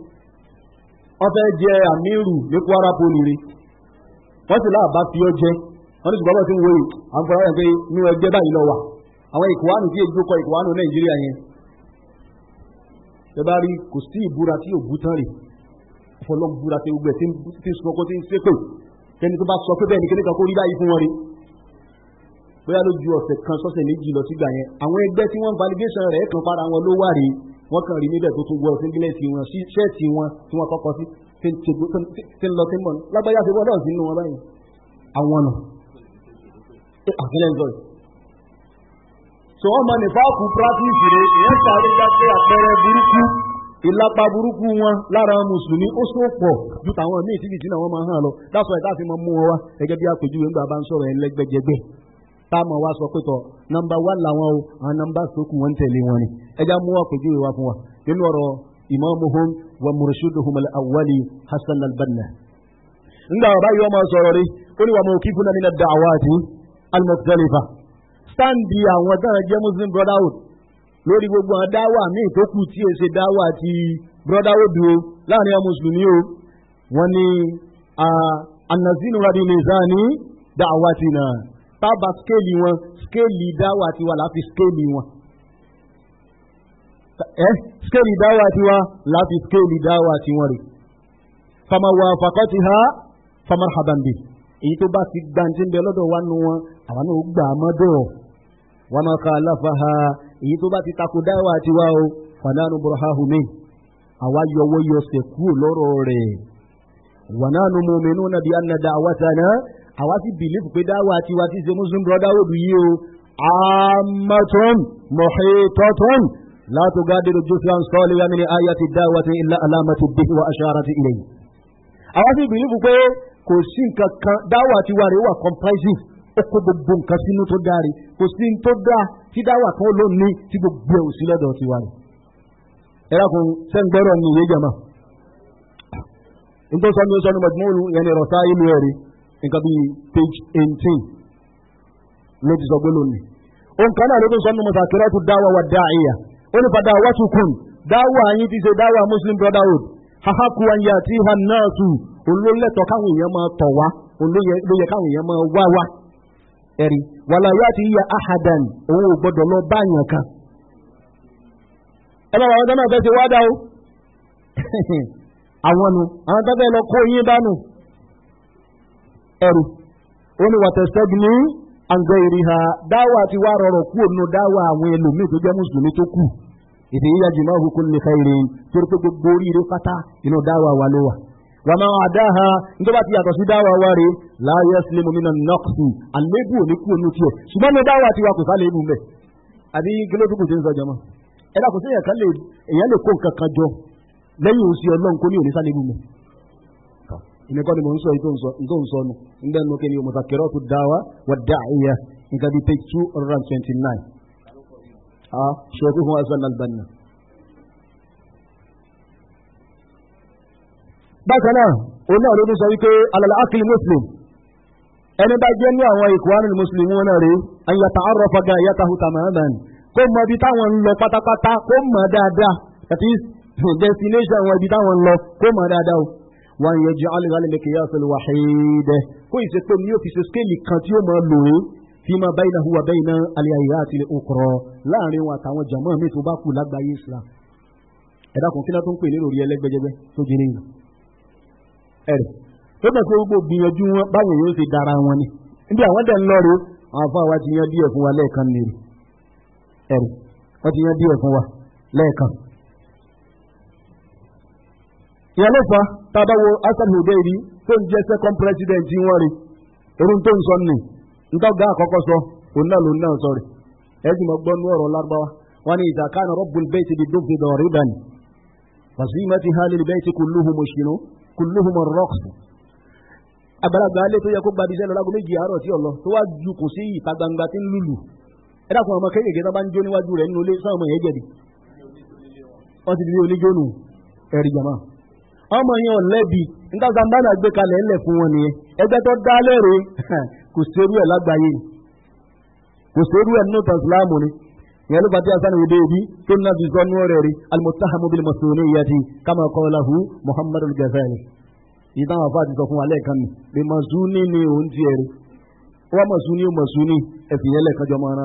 ọfẹ́ jẹ àmírù ní kwara poli rí wọ́n sì láàbá fi ọ́ jẹ wọ́n ní ṣùgbọ́n bọ́ sí ń wéyìn àwọn fúnra rẹ̀ pé inú ẹgbẹ́ báyìí lọ wà àwọn ìkùwánu tí èdè kọ ìkùwánu nàìjíríà yẹn tẹ bá rí kò sí ìbúra tí yóò bútán rè fọlọ́ búra tí gbogbo ẹ̀ tí ń sọkọ́ tí ń sépè tẹni tó bá sọ pé bẹ́ẹ̀ ni kíní kan kó rí báyìí fún wọn rí bóyá ló ju ọ̀sẹ̀ kan sọ́sẹ̀ méjì lọ sígbà yẹn àwọn ẹgbẹ́ tí wọ́n validation rẹ̀ kan fara wọn ló wà rèé wọ́n kàn rí níbẹ̀ tó tún wọ síngilẹ̀tì wọn sí ṣẹ́ẹ̀tì wọn tí wọ́n kọ́kọ́ sí tí ń lọ sí mọ̀ lágbáyà ti gbọ́dọ̀ sínú wọn báyìí àwọn nù àfihàn ìjọ yìí. sọ wọn mọ nípa ọkùn pírátìsì rẹ ìyẹn sáré jáde àpẹẹrẹ burúkú ìlápa burúkú wọn lára mùsùlùmí ó sọ pọ̀ ju tàwọn míì tí kìí sí náà wọn máa hàn lọ dáṣọ ẹ̀ dáṣe máa mú wọn wá gẹ́gẹ́ bí táàmù wa sọ pé tọ nọmba wà làwọn o àwọn nọmba sókù wọn tẹ̀lé wọn ni ẹja mú wa pèjú wa fún wa nínú ọ̀rọ̀ imamuhum wa murshiduhum al-awwali hasan al-banna. nígbà wàá báyìí wọn rí ó ní wàá mọ̀ kí fún mi náà da'awati al-mukhtalifa. sáǹdì àwọn dáná jẹ́ muslim brotherhood lórí gbogbo àwọn dáwà míì tó kù tí èsè dáwà ti brotherhood o láàrin àwọn mùsùlùmí o wọ́n ní anazinu ah, radi nizani da'awatina tábà skéèlì wọn skéèlì dáwà tiwa láti skéèlì wọn ẹ wa dáwà tiwa láti skéèlì dáwà tiwọn rè fama wà fàkọ́tì ha fama habambi èyí tó bá ti gbàǹtí bẹ lọ́dọ̀ wa nu wọn àwọn náà gbà á mọ́dọ̀ wọn máa ka aláfa ha èyí tó bá ti takò dáwà tiwa o fananu bọ̀rọ̀ ha hùmí àwa yọwọ́ yọsẹ̀ kúrò lọ́rọ̀ rẹ̀ wọn náà nu mọ̀mẹ́nu nàbí ànàdà àwàtà náà àwa sì bìlífù pé dáwà tiwa ti ṣe muslim brotherhood yìí o amaton mohitoton látògádìrò josian sọ́ọ̀lì yá mi ní ayé ti dáwà ti ilá alámàtò bíi wa aṣáára ti ilẹ̀ yìí. àwa sì bìlífù pé kò sí nǹkan kan dáwà tiwa rẹ̀ wà comprising ó gbogbo nǹkan sínú tó dáre kò sí ní tó dáa tí dáwà kan ó lónìí tí gbogbo ẹ̀ ò sí lọ́dọ̀ tiwa rẹ̀. ẹ dákun sẹ́ńgbẹ́rọ̀ ni ìwé jẹ̀mọ́. nítorí sọ́ni ó sọ́ni mọ̀júmọ́ yẹn ni rọ̀ta nǹkan bíi page eighteen ló ti sọ pé lónìí. òǹkà náà ló tún sọ nínú mọ̀sàkìrẹ́ tó dáwà wà dá ó ní padà tún muslim brotherhood hahaku anya ti ha náà tù olólẹ́tọ̀ káwọn èèyàn máa tọ̀ wá olóyè káwọn èèyàn máa wá wá ẹ̀rí ti ahadan òun ò gbọ́dọ̀ lọ bá kan náà fẹ́ ṣe wá dá o (laughs) àwọn nu àwọn lọ kó ẹrù ó ní wàtẹ̀sẹ́gi ní àǹgọ̀ ha dáwà ti wá rọrọ̀ kúrò nínú dáwà àwọn ẹlòmíì tó jẹ́ mùsùlùmí tó kù ìdí yíyá jùmọ̀ òkú ní kẹrì torí pé gbogbo oríire pátá inú dáwà wa ló wà wà àdá ha nítorí bá ti yàtọ̀ sí dáwà wa rè láyé sílé mu nínú nọ́ọ̀sì àlébù òní kúrò ní tiẹ̀ ṣùgbọ́n ní dáwà ti wa kò sálẹ̀ ibùn àbí gílódùkù ìyẹn kọ́ ni mo ń sọ ìtò ń sọ nù ń dẹ́nu kí ni o mọ̀sàkẹ́rọ̀ tó dá wa wà dá ìyá nǹkan bíi page two hundred and twenty nine a ah, ṣẹ́kù fún hasan albanna. bákan náà òun náà ló tún sọ wípé alàlà akili muslim ẹni bá jẹ́ ní àwọn ìkùránì muslim wọn náà rèé àyàtà àròfàgà àyàtà hùtàmàmàn kó mọ ibi táwọn ń lọ pátápátá kó mọ dáadáa àti (laughs) destination wọn ibi táwọn ń lọ kó mọ dáadáa o wọ́n yẹ jẹ́ alìlálẹ̀ kìyàsí wàhídẹ́ kó ìṣe pé ní òfìsè skéèlì kan tí ó máa lò ó fi máa báyìí náà wà báyìí náà alìyàyà àti okòrò láàrin wọn àtàwọn jàmọ́ mi tó bá kù lágbàáyé islam ẹ̀dá kan kí náà tó ń pè ní lórí ẹlẹ́gbẹ́jẹgbẹ́ tó jẹ́ nìyí. ẹ̀rẹ̀ tó bẹ̀ pé gbogbo gbìyànjú wọn báyìí yóò ṣe dára wọn ni níbi àwọn dẹ̀ ń lọ́rọ̀ àwọn fún àwa ti yan díẹ̀ fún wa lẹ́ẹ̀kan nìyí ẹ̀rẹ̀ wọ́n ti yan díẹ̀ fún wa lẹ́ẹ̀kan. ìyá fa tábàwo Hasan Hubeiri tó ń jẹ́ second president wọn nwari orun tó ń sọ nì ntọ́gá àkọ́kọ́ sọ òun náà lòun náà sọ rè ẹ̀jú mọ̀ gbọ́ nú ọ̀rọ̀ lárúbáwá wọn ni idha kana rabbul bayti bi dófin dọ̀rí dání wàsímẹ́tì halil bayti kulluhum òṣìnú kulluhum rọ́ọ̀sì àgbàlagbà alẹ́ tó yẹ kó gbabi sẹ́nu lágọ́ méjì àárọ̀ tí ọ̀lọ́ tó wá ju kò sí ìta gbangba tí ń lùlù ẹ ọmọ kéékèèké tó bá ń ọmọ yẹn ọ̀lẹ́bi níta zambana gbé kalẹ̀ ńlẹ̀ fún wọn nìyẹn ẹgbẹ́ tó dá lẹ́rọ (laughs) kò serú ẹ̀ lágbàáyé ni kò serú ẹ̀ nínú tàsílámù ni ìyẹn ló bá tí a sáré wòde ibi tó ní láti sọ nínú rẹ̀ rí alimọ̀táhàmù bíi mọ̀sùlùmí ìyá ti kama kọ́láhu muhammadu gazali yìí táwọn afá ti sọ fún wa lẹ́ẹ̀kan mi bí mazuni ni òun ti ẹ̀rí wọ́n mazuni ó mazuni ẹ̀sìn yẹn lẹ́ẹ̀kan jọ mọ́ ara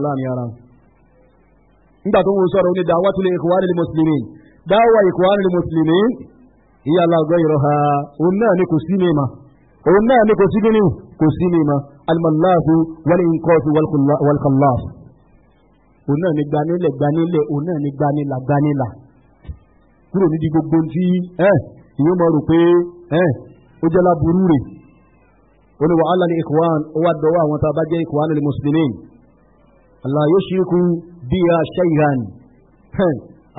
ara ìyá aláàgbẹ́ ìrọ̀ha òun náà ni kò sí ní ìmọ̀ òun náà ni kò sí ní kò sí ní ìmọ̀ alimọ̀láàfù wal inqatu wal khallaf òun náà ni gbanilẹ̀ gbanilẹ̀ òun náà ni gbanilà gbanilà kúrò nídìí gbogbo tí ìyẹn mọ̀ rò pé ó jẹ́ láburú rè ó ní wàhálà ní ikhwan ó dọ̀wọ́ àwọn tá a bá jẹ́ ikhwan lil muslimin Allah yushriku biha shay'an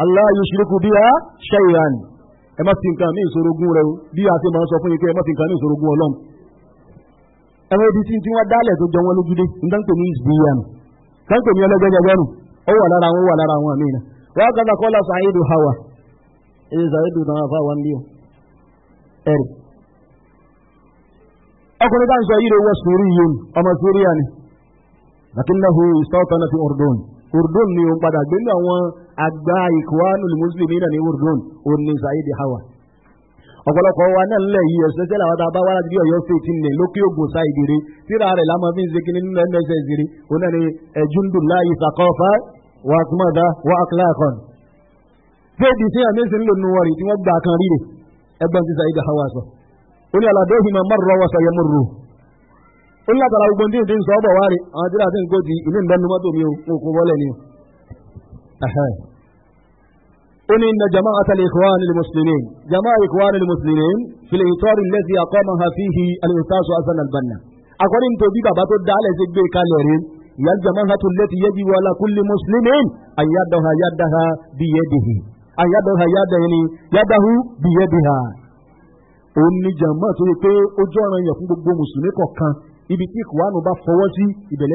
Allah yushriku biha shay'an. ẹ má fi nǹkan ní ìsorogún rẹ o bí a ti máa sọ fún yín pé ẹ má fi nǹkan ní ìsorogún ọlọ́run ẹ̀rọ ibi tí tí wọ́n dálẹ̀ tó jọ wọn lójúdé ndánkò ní ìsbíyàn ndánkò ní ẹlẹ́gbẹ́gbẹ́rù ó wà lára wọn wà lára wọn àmì wọ́n hawa èyí sàáìdù náà fà wọn lé o ẹ̀rì ọkùnrin táà ń sọ yìí wọ yìí ọmọ yà ni lakinnahu àgbà Ikhwanul Muslimina ní Urdun na Saidi Hawa ọ̀pọ̀lọpọ̀ wa náà ńlẹ̀ yìí ẹ̀sẹ̀ sẹ́lẹ̀ àwọn tàbá wá láti bí n'e fèètì nílẹ̀ lókè ògùn Saidi rẹ̀ síra rẹ̀ lámọ́ fi ń ṣe kíní nínú ẹ̀mẹ́sẹ̀ ìṣeré òun náà ni Jundullahi thaqafa wa atmada wa akhlaqan fèèdì sí àmì ìsìn lónìí wọn rí tí wọ́n gbà kan rí rè ẹgbọ́n ti Saidi Hawa sọ ó ní aládóhìn máa márùn ọwọ́ sọ yẹmú ó ní látara gbogbo قل إن جماعة الإخوان المسلمين جماعة الإخوان المسلمين في الإطار الذي أقامها فيه الأستاذ حسن البنا أقول إن تبي بابا تدعى زكبي كاليرين. الورين يا الجماعة التي يجب على كل مسلم أن يدها يدها بيده أن يدها يده يعني يده بيدها òun ni jàmbá tó yẹ pé ó jọ́ ọ̀ràn yẹn fún gbogbo mùsùlùmí kọ̀ọ̀kan ibi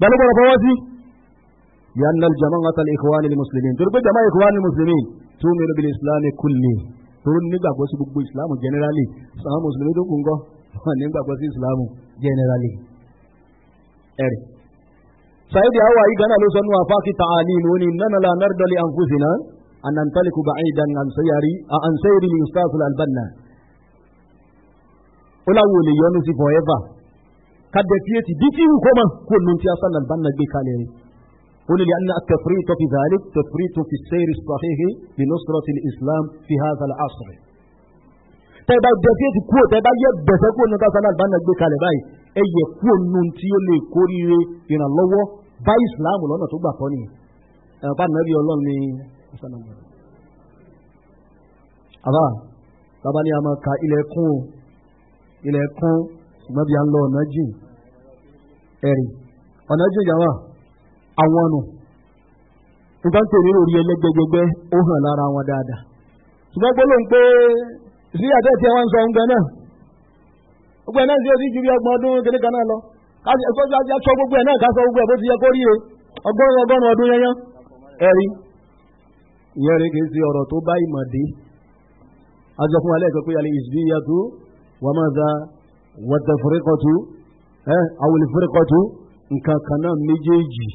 gbàlúgbọ̀rọ̀ fọwọ́ sí yànnà jama'at al-ikhwan al-muslimin torí pé jama'a ikhwan al-muslimin tó mẹ́rin bí islam kulli torí nígbàgbọ́ sí gbogbo islam generally sàwọn mùsùlùmí tó kún gọ́ wọn nígbàgbọ́ sí islam generally ẹ̀rì sàídì àwọn àyíká náà ló sọnù àfáàkì tààlì ní oní nánàlá nárdọ̀lì àǹfùsìnà ànàntàlìkù ba'idan àǹsẹ́yìrì ní ustaz al-albanna ó láwọn olè yọnu sí forever ka dẹ̀fíyèsí bí tí wù kó mọ̀ kó nu ti asan na ban na gbé kalẹ̀ ni. ó ní lianna tafrito fi dhalik tafrito fi sẹ́yìn sahihi bi nusrati islam fi hadha al asr. tẹ́ bá dẹ̀fíyèsí kúrò tẹ́ bá yẹ bẹ̀fẹ́ kó nu ti asan na ban na gbé kalẹ̀ báyìí ẹ yẹ kó nu ti ó lè kórìíre ìrànlọ́wọ́ bá islam lọ́nà tó gbà tọ́ ni. ẹ̀ bá nàbí ọlọ́run ni asan na ban àbá bàbá ni a máa ka ilẹ̀kùn ṣùgbọ́n bí a ń lọ ọ̀nà jìn nke ọ̀nà jìn yàrá àwọn nù nǹkan tó rí orí ẹlẹ́gbẹ́gbẹ́gbẹ́ ó hàn lára wọn dáadáa ṣùgbọ́n gbólóhùn pé sí àtẹ̀tí ẹ̀ wọ́n ń sọ ọ̀ngbẹ náà ọgbẹ́ náà sí oríṣi bí ọgbọ̀n ọdún kékeré kan náà lọ gbogbo ẹ̀ e ọdún ẹ̀rí ìyẹn kì í ọ̀rọ̀ Wata ẹ àwòlẹ́fọ́rẹ́kọ̀tù nǹkan kan náà méjèèjì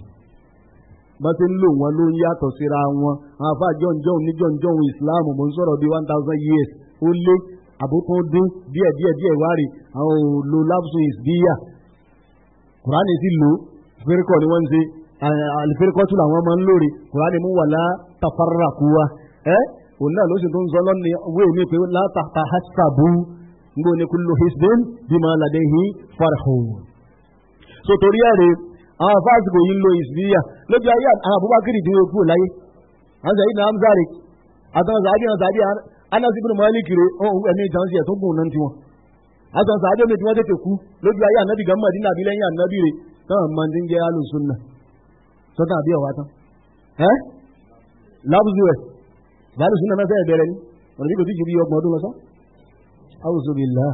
bá ti ń lò wọn ló ń yàtọ̀ síra wọn àwọn jọ̀njọ̀n ní jọ̀njọ̀n islam mò ń sọ̀rọ̀ bíi one thousand years ó lé àbókún dín díẹ̀ díẹ̀ díẹ̀ wárì àwọn òòlò lapsus bíyà kùránì ti lò fẹ́rẹ́kọ̀ ni wọ́n ń ṣe àlìfẹ́rẹ́kọ́ làwọn máa ń lóore kùránì mú wà látàfàràkúwa ẹ́ òun náà ló sì tó sọ lọ́nà wíwèé mi pé níbo ne kúlò hisbin bí máa làdé hí farahàn. so torí ẹ̀rẹ̀ àwọn fásitì yìí ń lo ìsìlíyà lójú ayé àwọn abubakar ìdí okú láyé àwọn sàyìn náà amzari àtàwọn sàbí àwọn sàbí anasi ibùdó mọ́lìkì rẹ̀ ọ̀hún ẹ̀mí ìtànsí ẹ̀ tó gùn náà tiwọn àtàwọn sàbí omi tí wọ́n tètè kú lójú ayé ànábì gan mọ̀dínà àbí lẹ́yìn ànábì rẹ̀ táwọn máa ti ń jẹ́ alùsùnà sọ́tà àbí ọ̀wá tán ẹ́ lábùsù ẹ̀ bàálùsùnà mẹ́fẹ́ ẹ̀bẹ̀rẹ̀ ni ọ̀rọ̀ àwùjọbìlá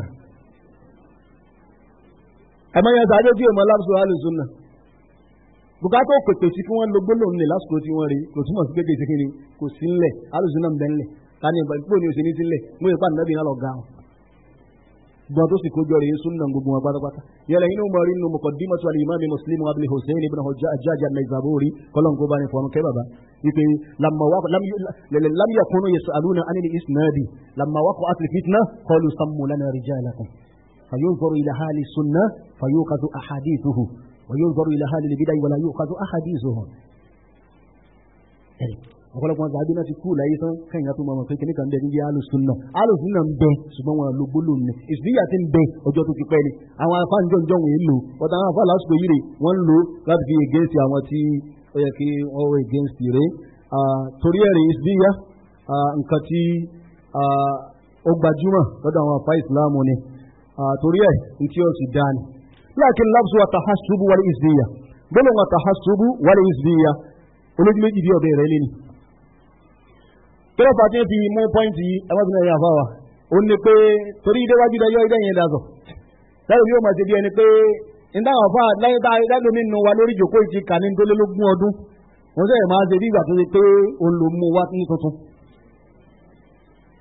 ẹ̀mọ́ yẹn sáré tí ọmọ aláàbùsọ alùsùn náà bùkátà ò pèpè sí kí wọ́n lo gbólóhùn nílẹ̀ lásìkò tí wọ́n rí kò túmọ̀ sí gbégbé ìsèkiri kò sí ńlẹ̀ alùsùn náà ń bẹ ńlẹ̀ ká ní ìgbà ìpò ní òsè ní sílẹ̀ mú ìpàdé náà bí wọn lọ ga wọn. بعض سكوجا يسون نعوم بعض بعض يلا هنا مارين نو مقدمة على الإمام مسلم وابن حسين ابن حجاج جاجا ميزابوري كلهم قبائل فهم كيف بابا لما وقع لم ي... ل... لم يكونوا يسألون عن الإسنادي لما وقع أهل الفتنة قالوا سموا لنا رجالكم فينظر إلى حال السنة فيوقظ أحاديثه وينظر إلى حال البدع ولا يوقظ أحاديثه ọ̀pọ̀lọpọ̀ sàbí náà ti kú láyé tán kẹ́yìn tó máa pé kìnnì kan bẹ́ẹ̀ níbi alùsùnà alùsùnà ń bẹ ṣùgbọ́n wọn lo gbólóhùn ní ìsìnyà ti ń bẹ ọjọ́ tó ti pẹ́ ni àwọn afáǹjọ́ ń jọ̀wọ́ èlò ọ̀tá àwọn afá lásìkò yìí rè wọ́n ń lò láti fi against àwọn tí ó yẹ kí against rè torí ẹ̀rẹ̀ ìsìnyà ya tí ó gbajúmọ̀ lọ́dọ̀ àwọn afá ìsìlámù ni torí ẹ̀ tí ó sì dá ni. láàkín lábùsù àtàhásùbù wọlé ìsìnyà gbólóhùn àtàhásùbù wọlé ìsìnyà olójú méjì bí ọ̀bẹ rẹ̀ lé ni kí ló fà tí ó fi mú pọ́ìntì yìí ẹ má bínú ẹ̀yà fáwa ó ní pé torí ìdéwájú rẹ yọ ìdẹ́yìn ìdàzọ̀ lẹ́yìn bí ó máa ṣe bí ẹni pé ìdáhùn fà lẹ́yìn tá lẹ́nu mi nù wa lórí ìjòkó ìtì kà ní dólélógún ọdún wọ́n sẹ́yìn máa ṣe bí ìgbà tó ṣe pé olùmú wa ní tuntun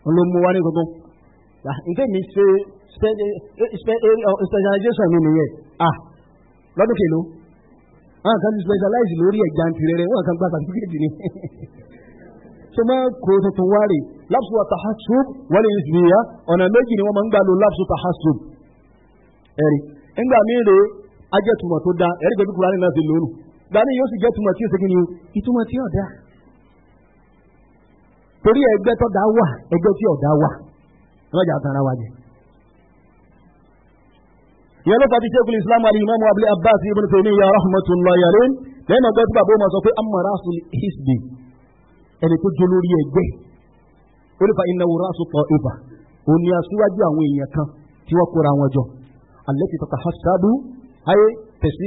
olùmú wa ní tuntun ìdé mi ṣe eh, eh, oh, specialization mi nìyẹn ah lọ́dún kìlú wọn kàn specialize lórí ẹ̀jà ntìrẹrẹ wọn kàn gba certificate ni. (laughs) sọmọ kúrò tuntun wárì lápsù àtàhásùb wálé ìsìnìyà ọ̀nà méjì ni wọ́n máa ń gbà lo lápsù tàhásùb ẹ̀rí ńgbà mí rèé ajẹ́tumọ̀ tó da eri pẹ̀lú kúránì náà ti lónìí gbani yóò sì jẹ́ tumọ̀ tí ó segin ni ìtumọ̀ tí ọ̀dà torí da wà ẹgbẹ́ tí ọ̀dà wa jẹ. ìyẹn ló fà islam ali imam abdul abbas ibn hisbi ẹni tó jó lórí ẹgbẹ́ onífa iná wo Onye tọ ìbà òun ni aṣíwájú àwọn èèyàn kan tí wọ́n kóra wọn jọ alẹ́ tọ́ka hasadu ayé tí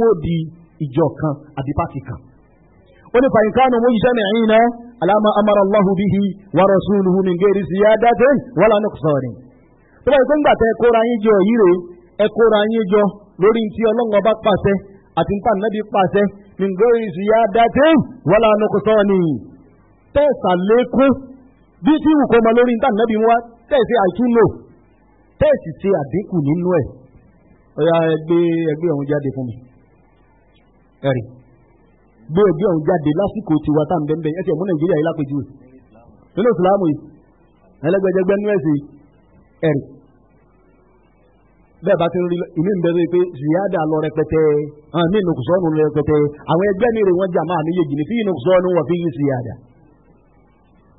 wọ́n di ìjọ kan àbí pàtì kan onífa nǹkan àwọn oyin sẹ́mi ẹ̀yìn náà alama amara allahu bihi wa rasuluhu min gẹ́rì sí yádájẹ́ wàlá nìkùsọ̀rin tó kóra yín jọ yìí kóra yín jọ lórí ti pàṣẹ àti nípa nàbí pàṣẹ mìngóyè ìṣìyàdàtì wọ́lá nukùsọ́ọ̀nì tẹ̀sàlékún bí tí ìwùkọ́ ọmọ lórí níta nàbí wa tẹ̀sí àìtúlò tẹ̀sí ṣe àdínkù nínú ẹ̀ ọ̀yà ẹgbẹ́ ẹgbẹ́ ọ̀hún jáde fún mi ẹ̀rì gbé ẹgbẹ́ ọ̀hún jáde lásìkò tiwa tá à ń bẹ́ẹ̀ bẹ́ẹ̀ ẹ̀sẹ̀ mú nàìjíríà yìí lápẹ̀jú nínú ìsìlámù yìí ẹlẹ́gbẹ̀jẹgbẹ́ nú ẹ̀sìn ẹ̀rì bẹ́ẹ̀ bá ti ń rí ìmí ń bẹ̀rẹ̀ pé ziyada lọ rẹpẹtẹ hàn mí nùkùsọ́nù lọ rẹpẹtẹ àwọn ẹgbẹ́ mi rè wọ́n jà máa mi yé jìnnì fíyìn nùkùsọ́nù wọ̀ fíyìn ziyada.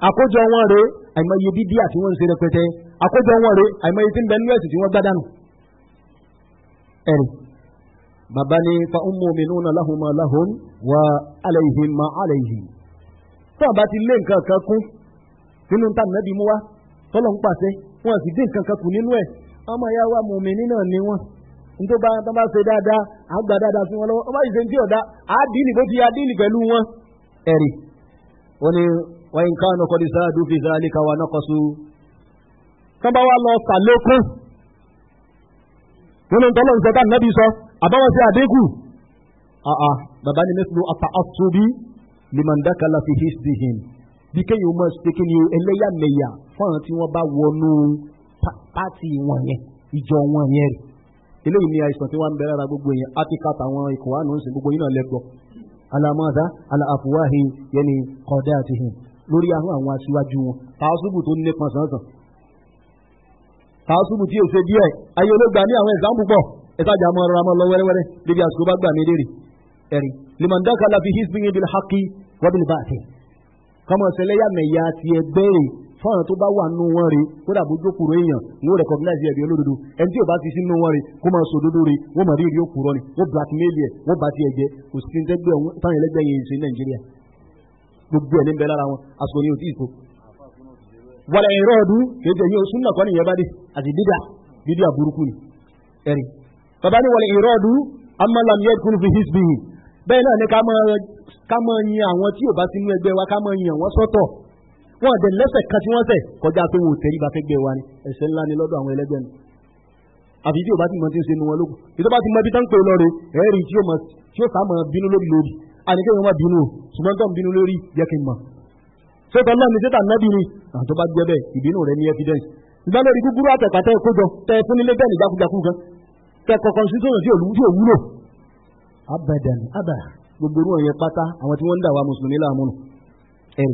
àkójọ wọn rè àìmọye bíbí àti wọn ń ṣe rẹpẹtẹ àkójọ wọn rè àìmọye tí ń bẹ nínú ẹ̀sìn tí wọ́n gbádànù. ẹ̀rì bàbá ni fa umu mi nù náà láhùn máa láhùn wà aláìhìn máa aláìhìn. tó àbá ti lé nǹkan kan kún nínú tá ọmọ ya wa mùmíní náà ni wọ́n ní tó bá tó bá ṣe dáadáa à ń gba dáadáa fún wọn lọ́wọ́ ọmọ ìṣe tí ọ̀dá á dìínì bó ti yá dìínì pẹ̀lú wọn. ẹ̀rì wọn ni wọ́n ń kánú kọ́ni sáàdù fi sáà líka wa nọ́kọ̀sù. tán bá wá lọ sàlékún wọn ni tọ́lọ́ nǹkan tá nàbí sọ àbáwọn sí àdínkù. bàbá ni mẹ́sàn-án ata ọ̀túnbí limandakala fi hìsìhìn bí kéèyàn máa ṣe kí ni ẹlẹ́yàmẹ̀yà fáwọn tí wọ́n bá pàtì wọn yẹn ìjọ wọn yẹn rè eléyìí ni àìsàn tí wọ́n ń bẹ̀rẹ̀ ara gbogbo yẹn átíkàtà àwọn ikọ̀ wa nù ń sìn gbogbo yìí náà lẹ́gbọ̀ọ́ alamada ala afuwahi yẹni kọ̀dá àti hìn lórí àwọn àwọn aṣíwájú wọn tààsùbù tó nípa sánsan tààsùbù tí ó ṣe díẹ̀ ayé ló gbà ní àwọn ẹ̀sán púpọ̀ ẹ̀sájà mọ́ ọ̀rọ̀ àmọ́ lọ wẹ́rẹ́wẹ́rẹ́ débi àsìkò bá gbà mí lérè ẹ̀rí limandaka labi hisbi bil haqi wabil baati kọmọ sẹlẹ ya mẹya ti ẹgbẹrẹ fọ́nà tó bá wà nù wọn rí kódà bójú òkúrò èèyàn ní ó recognize ẹ̀bí olódodo ẹni tí ò bá ti sí nù wọn rí kó máa sọ òdodo rí wọ́n máa rí ìrí òkúrò ni wọ́n blackmail ẹ̀ wọ́n bá ti ẹ̀jẹ̀ kò sí ní tẹ́gbẹ́ ọ̀hún táwọn ẹlẹ́gbẹ́ yẹn ṣe ní Nàìjíríà gbogbo ẹ̀ ní bẹ́ẹ̀ lára wọn àsìkò ní òtí ìfò. wàlẹ̀ ìrọ̀ ọdún ni ẹ̀rí. bàbá ní wàlẹ̀ ìrọ̀ ọdún amalamiyẹ kúrú ni ká máa wọn àdẹ lẹ́sẹ̀ kan tí wọ́n sẹ̀ kọjá pé wọn ò tẹ̀rí ba gbẹ wa ni ẹ̀sẹ̀ ńlá ni lọ́dọ̀ àwọn ẹlẹ́gbẹ́ ni àfi tí o bá ti mọ tí o ṣe nu wọn lókun tí o bá ti mọ ibi tá ń pè lọ rè é rí tí o mọ tí o sá mọ bínú lórí lórí àníkẹ́ yẹn wọn bínú o ṣùgbọ́n tó ń bínú lórí yẹ kí n mọ̀ sọ́tọ̀ náà ni sẹ́tà nábì ni àtọ́ bá gbẹ́ bẹ́ẹ̀ ìbínú rẹ̀ ní evidence ìgbà lórí gúgúrú àtẹ̀pàtẹ́ kójọ tẹ fún nílé bẹ́ẹ̀ nígbà kújakú gan tẹ kọ̀kan sí sọ̀rọ̀ sí òlùwúdí òwúlò abadan abà gbogbo orú ọ̀yẹ pátá àwọn tí wọ́n ń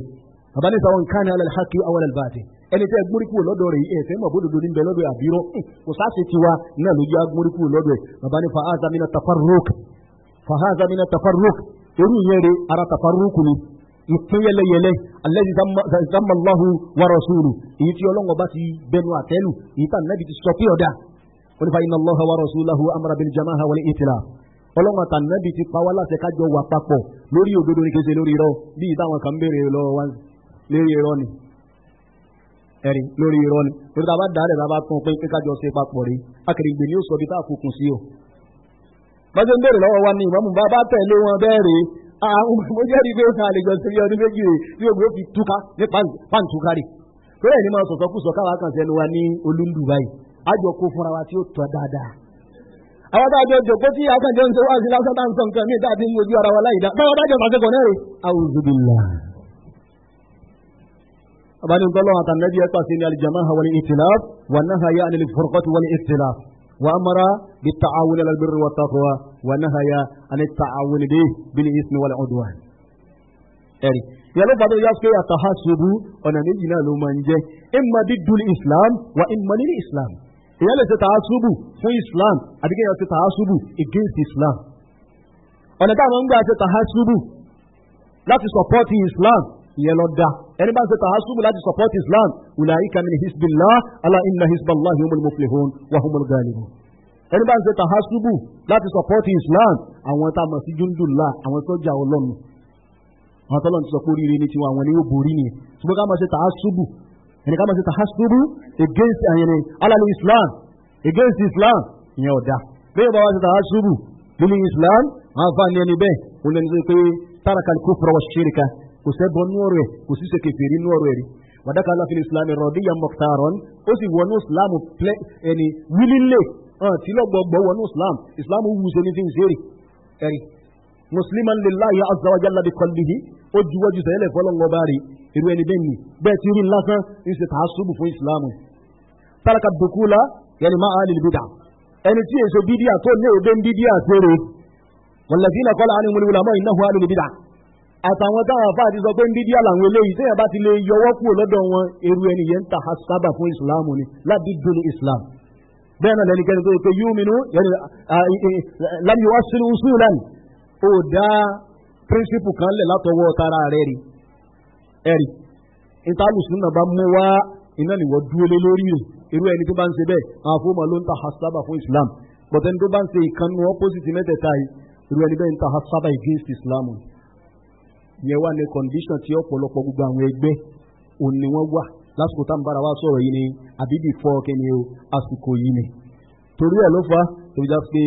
bàbá ní sàwọn nǹkan ní alẹ́ hakí awọ́n ẹ̀ báàtì ẹni tẹ́ gbóríkù lọ́dọ̀ rẹ̀ ẹ̀ fẹ́ mọ̀ bódodo ní bẹ lọ́dọ̀ àbírọ̀ kò sáàsì tiwa náà ló jẹ́ agbóríkù lọ́dọ̀ ẹ̀ bàbá ní fahaza mina tafarruk fahaza mina tafarruk irú ìyẹn rẹ̀ ara tafarruk ni ìpín yẹlẹyẹlẹ alẹ́ni zammalahu wa rasulu èyí tí ọlọ́ngọ bá ti bẹnu àtẹ́lù èyí tá nàbì ti sọ pé ọ̀dà onífa iná lọ́ha wa amara bil jamaha wal itila ọlọ́run àtànàbì ti pa kájọ wà papọ̀ lórí òdodo ní kése lórí irọ́ bí ìdáwọn kan béèrè lọ́wọ́ wáńsì lérí irọ́ ni ẹ̀rí lórí irọ́ ni torí tá a bá dá rẹ̀ tá a bá tún pé pé kájọ ṣe papọ̀ rí akérègbè ni ó sọ bí tá a fòkùn sí o. bọ́sẹ̀ ń bèrè lọ́wọ́ wa ni ìmọ̀mù bá bá tẹ̀lé wọn bẹ́ẹ̀ rèé (laughs) mo jẹ́rìí pé òun àlejò ṣe bí ọdún méjì rèé bí ògbó fi túká ní pàǹtúkà rè torí ẹni máa sọ̀tọ̀ kù sọ̀ká wa kàn sẹ́nu wa ní olúndù báyìí àjọ kó fúnra wa tí ó tọ́ dáadáa abani ntọ́lọ́ àtànẹ́bí ẹ̀pà sí ní aljamaha wal itilaf wà náà yá ni furqati wal itilaf wà amara bi ta'awuni ala albirri wa taqwa wà náà yá ani ta'awuni de bil ismi wal udwan. ẹ̀rí yàrá bàbá yà pé àtàhásùbù ọ̀nà méjì náà ló máa ń jẹ́ imma diddul islam wa imma lil islam èyàn lè ṣe tàásùbù fún islam àbí kí èyàn ṣe tàásùbù against islam ọ̀nà táwọn ń gbà ṣe tàásùbù láti support islam ìyẹn lọ da ẹni bá ń ṣe tàásùmù láti support islam ulaika min hisbillah ala inna hisballahi humul muflihun wa humul ghalibun ẹni bá ń ṣe tàásùmù láti support islam àwọn tá a mọ̀ sí jundullah àwọn sọ́jà ọlọ́run àwọn tọ́lọ́run ti sọ pé oríire ní tiwọn àwọn ni yóò borí nìyẹn ṣùgbọ́n ká máa ṣe tàásùmù ẹni ká máa ṣe tàásùmù against àyẹnì eh, alali islam against islam ìyẹn ọ̀dà bẹ́ẹ̀ bá wá ṣe tàásùmù nínú islam àwọn afáàní ẹni bẹ́ẹ̀ òun kò sẹ́bọ̀ nú ọ̀rọ̀ ẹ̀ kò sí ṣe kèfèrí nú ọ̀rọ̀ ẹ̀ rí wàdákà aláfi ní islam rọ̀díyà mọ̀tàrán ó sì wọnú islam ẹni wílílẹ̀ tí lọ́gbọ̀gbọ̀ wọnú islam islam wù ṣe ní ti ń ẹ̀rí musliman lillahi azza wa jalla bi qalbihi ó juwọ́jú sẹ́lẹ̀ fọlọ́ngọ́ bá rí irú ẹni àtàwọn táwọn afá àti sọ pé ń dídí àlàwọn eléyìí téèyàn bá ti lè yọwọ́ kúrò lọ́dọ̀ wọn eru ẹni yẹn ń ta sábà fún ìsìláàmù ni láti dùn ìsìláàmù bẹ́ẹ̀ náà lẹ́nikẹ́ni tó yẹ pé yúmínú lámìwá sínú sùúlẹ̀ ní ó dá píríncípù kan lẹ̀ látọwọ́ tara rẹ̀ rí ẹ̀rí ìtàlùsùn náà bá mú wá iná nìwọ̀ dúró lórí rẹ̀ irú ẹni tó bá ń ṣe bẹ́ẹ̀ àwọn fóòmà ló ń ta hasaba fún islam bọ̀tẹ́ni tó bá ń ṣe ìkànnì opposite mẹ́tẹ̀ẹ̀ta yìí irú hasaba against islam yẹn wà ní condition tí ọ̀pọ̀lọpọ̀ gbogbo àwọn ẹgbẹ́ òun ni wà lásìkò tá à bára wa sọ̀rọ̀ yìí ni àbí bí fọ́ o àsìkò yìí ni. torí ẹ̀ ló fa tóbi já pé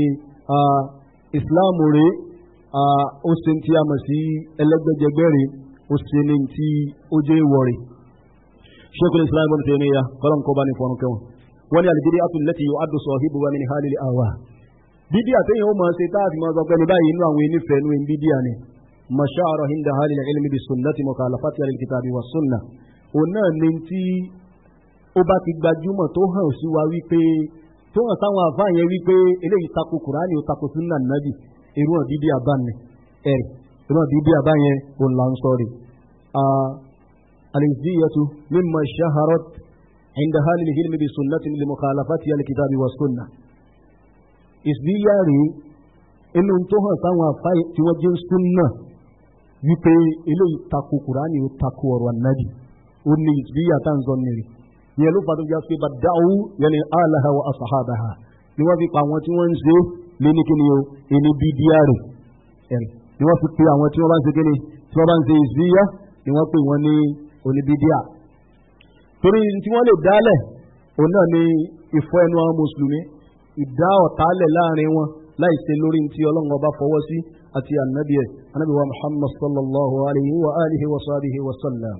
islam rè ó ṣe ti a mọ̀ sí ẹlẹ́gbẹ́jẹgbẹ́ rè ó ṣe ní ti ó jẹ́ ìwọ̀ rè. sheikul islam ibn taymiya kọ́lá ń kọ́ bá ní fọ́nù kẹ́wọ̀n wọ́n ní àlùbídí àtúnlẹ́tì yóò adùn sọ híbu wa ní hálìlì awa. bídí àtẹ̀yìn ó máa ṣe táàtì máa sọ pé ní báyìí inú àwọn enífẹ̀ẹ́ inú bídí àná مشاعر عند أهل العلم بالسنة مخالفتها للكتاب والسنة ọ̀nà ni tí ó bá ti gbajúmọ̀ tó hàn sí wa wípé tó hàn sáwọn àfáà yẹn wípé eléyìí tako kùránì ó tako sunna nàbì irú hàn dídí àbáni ẹ̀rì irú hàn dídí àbáyẹn òun là ń sọ rè alìsíyẹtu mímọ ṣaharọt عند أهل العلم بالسنة لمخالفتها للكتاب والسنة ìsìyà rèé inú tó hàn sáwọn àfáà tí wọ́n jẹ́ sunna wípé eléyìí tako kùránì ó tako ọ̀rọ̀ ànábì ó ní ìsìlíyà tá à ń zọ nìrì ìyẹn ló fàtó jáde pé bá dáwó yẹn ní aláha wa asahabaha ni wọ́n fi pa àwọn tí wọ́n ń ṣe lé ní kíni o ẹni bíi díárì ẹ̀rì ni wọ́n fi pe àwọn tí wọ́n bá ń ṣe kíni tí wọ́n bá ń ṣe ìsìlíyà ni wọ́n pè wọ́n ní oníbídíà torí tí wọ́n lè dálẹ̀ òun ni ìfọ́ ẹnu àwọn mùsùlùmí ìdá ọ̀tálẹ̀ láàrin wọn láìsí lórí ti ọlọ́run ọba fọwọ́ sí àti ànábì ẹ̀ ànábì wa muhammad sallallahu alayhi wa alihi wa sahbihi wa sallam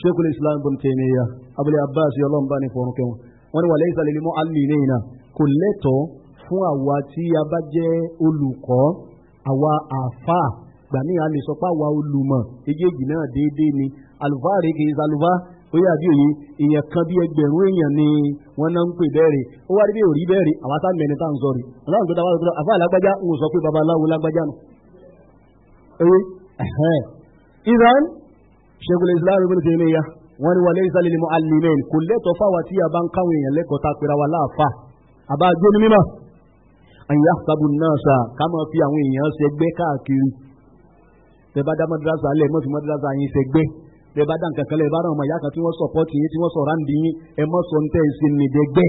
sheikul islam bin taymiya abul abbas yọlọ́n bá ní fọ́nù kẹwọn wọn ni wà lẹ́yìn sàlẹ̀ limọ́ alìlẹ́yìnà kò lẹ́tọ̀ fún àwa tí a bá jẹ́ olùkọ́ àwa àfà gbà ní a lè sọ pé àwa olùmọ̀ ejéèjì náà déédéé ni àlùfáà rèé kì í sàlùfáà ó yà bí òye èèyàn kan bí ẹgbẹ̀rún èèyàn ni wọ́n náà ń pè bẹ́ẹ̀rẹ̀ ó wá rí bí òrí bẹ́ẹ̀rẹ̀ àwọn tá mẹ́ni tá ń sọ rí ọlọ́run tó dáwọ́ àfa alágbájá ń sọ pé babaláwo lágbájá nù. ẹ̀yẹ ẹ̀hẹ́n iran ṣẹ́gun islam ibn tèmíyà wọ́n ní wà lẹ́yìn sálẹ̀ limu alimẹ́n kò lẹ́tọ̀ọ́ fáwa tí a bá ń káwọn èèyàn lẹ́kọ̀ọ́ tá a pera wa láàfa àbá gbóni mímọ́ àyà sábù náà sà ká máa fi àwọn èèyàn ṣẹgbẹ́ káàkiri tẹ bá dá mọ́dúrásà lẹ̀ mọ́sí mọ́dúrásà yín ṣẹgbẹ́ bẹ́ẹ̀ bá dá nǹkan kan lẹ̀ bá dáhùn ọmọ ìyá kan tí wọ́n sọ̀pọ́tì yín tí wọ́n sọ̀rọ̀ àǹdí yín ẹ mọ́ sọ níta ẹ̀sìn nìdẹ́gbẹ́.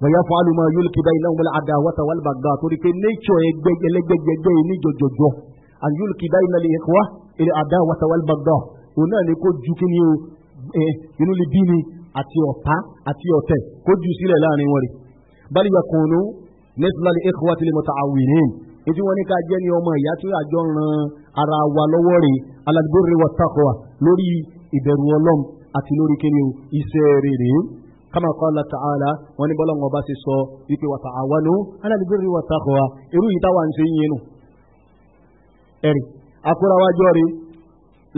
wọ́yá fún alùmọ̀ yóò kí báyìí lẹ́wọ̀n àdá wọ́tà wàlùbàgà torí pé nature ẹgbẹ́gbẹ́gbẹ́ ní jọjọjọ and yóò kí báyìí lẹ́lẹ̀ ẹ̀kọ́ èrè àdá wọ́tà wàlùbàgà òun náà ni kó ju kí ni o inú lè bí ni àti ọ̀tá àti ọ̀tẹ̀ kó ju sílẹ̀ láàrin wọn rè bali yakunu nesilali ikhwati limutaawinin ètí wọn ní ká jẹ́ ni ọmọ ìyá tí àjọ ara wa lọ́wọ́ rè lórí ìbẹ̀rù ọlọ́m àti lórí kí ni iṣẹ́ rere kama kọ́lá ta'ala wọn ní bọ́lọ́ngọ̀ bá ti sọ wípé wàtà àwọn alàlùbírí wàtà kọ́ wa irú yìí táwa ń ṣe yín nù ẹ̀rì akúrawájọ́ rí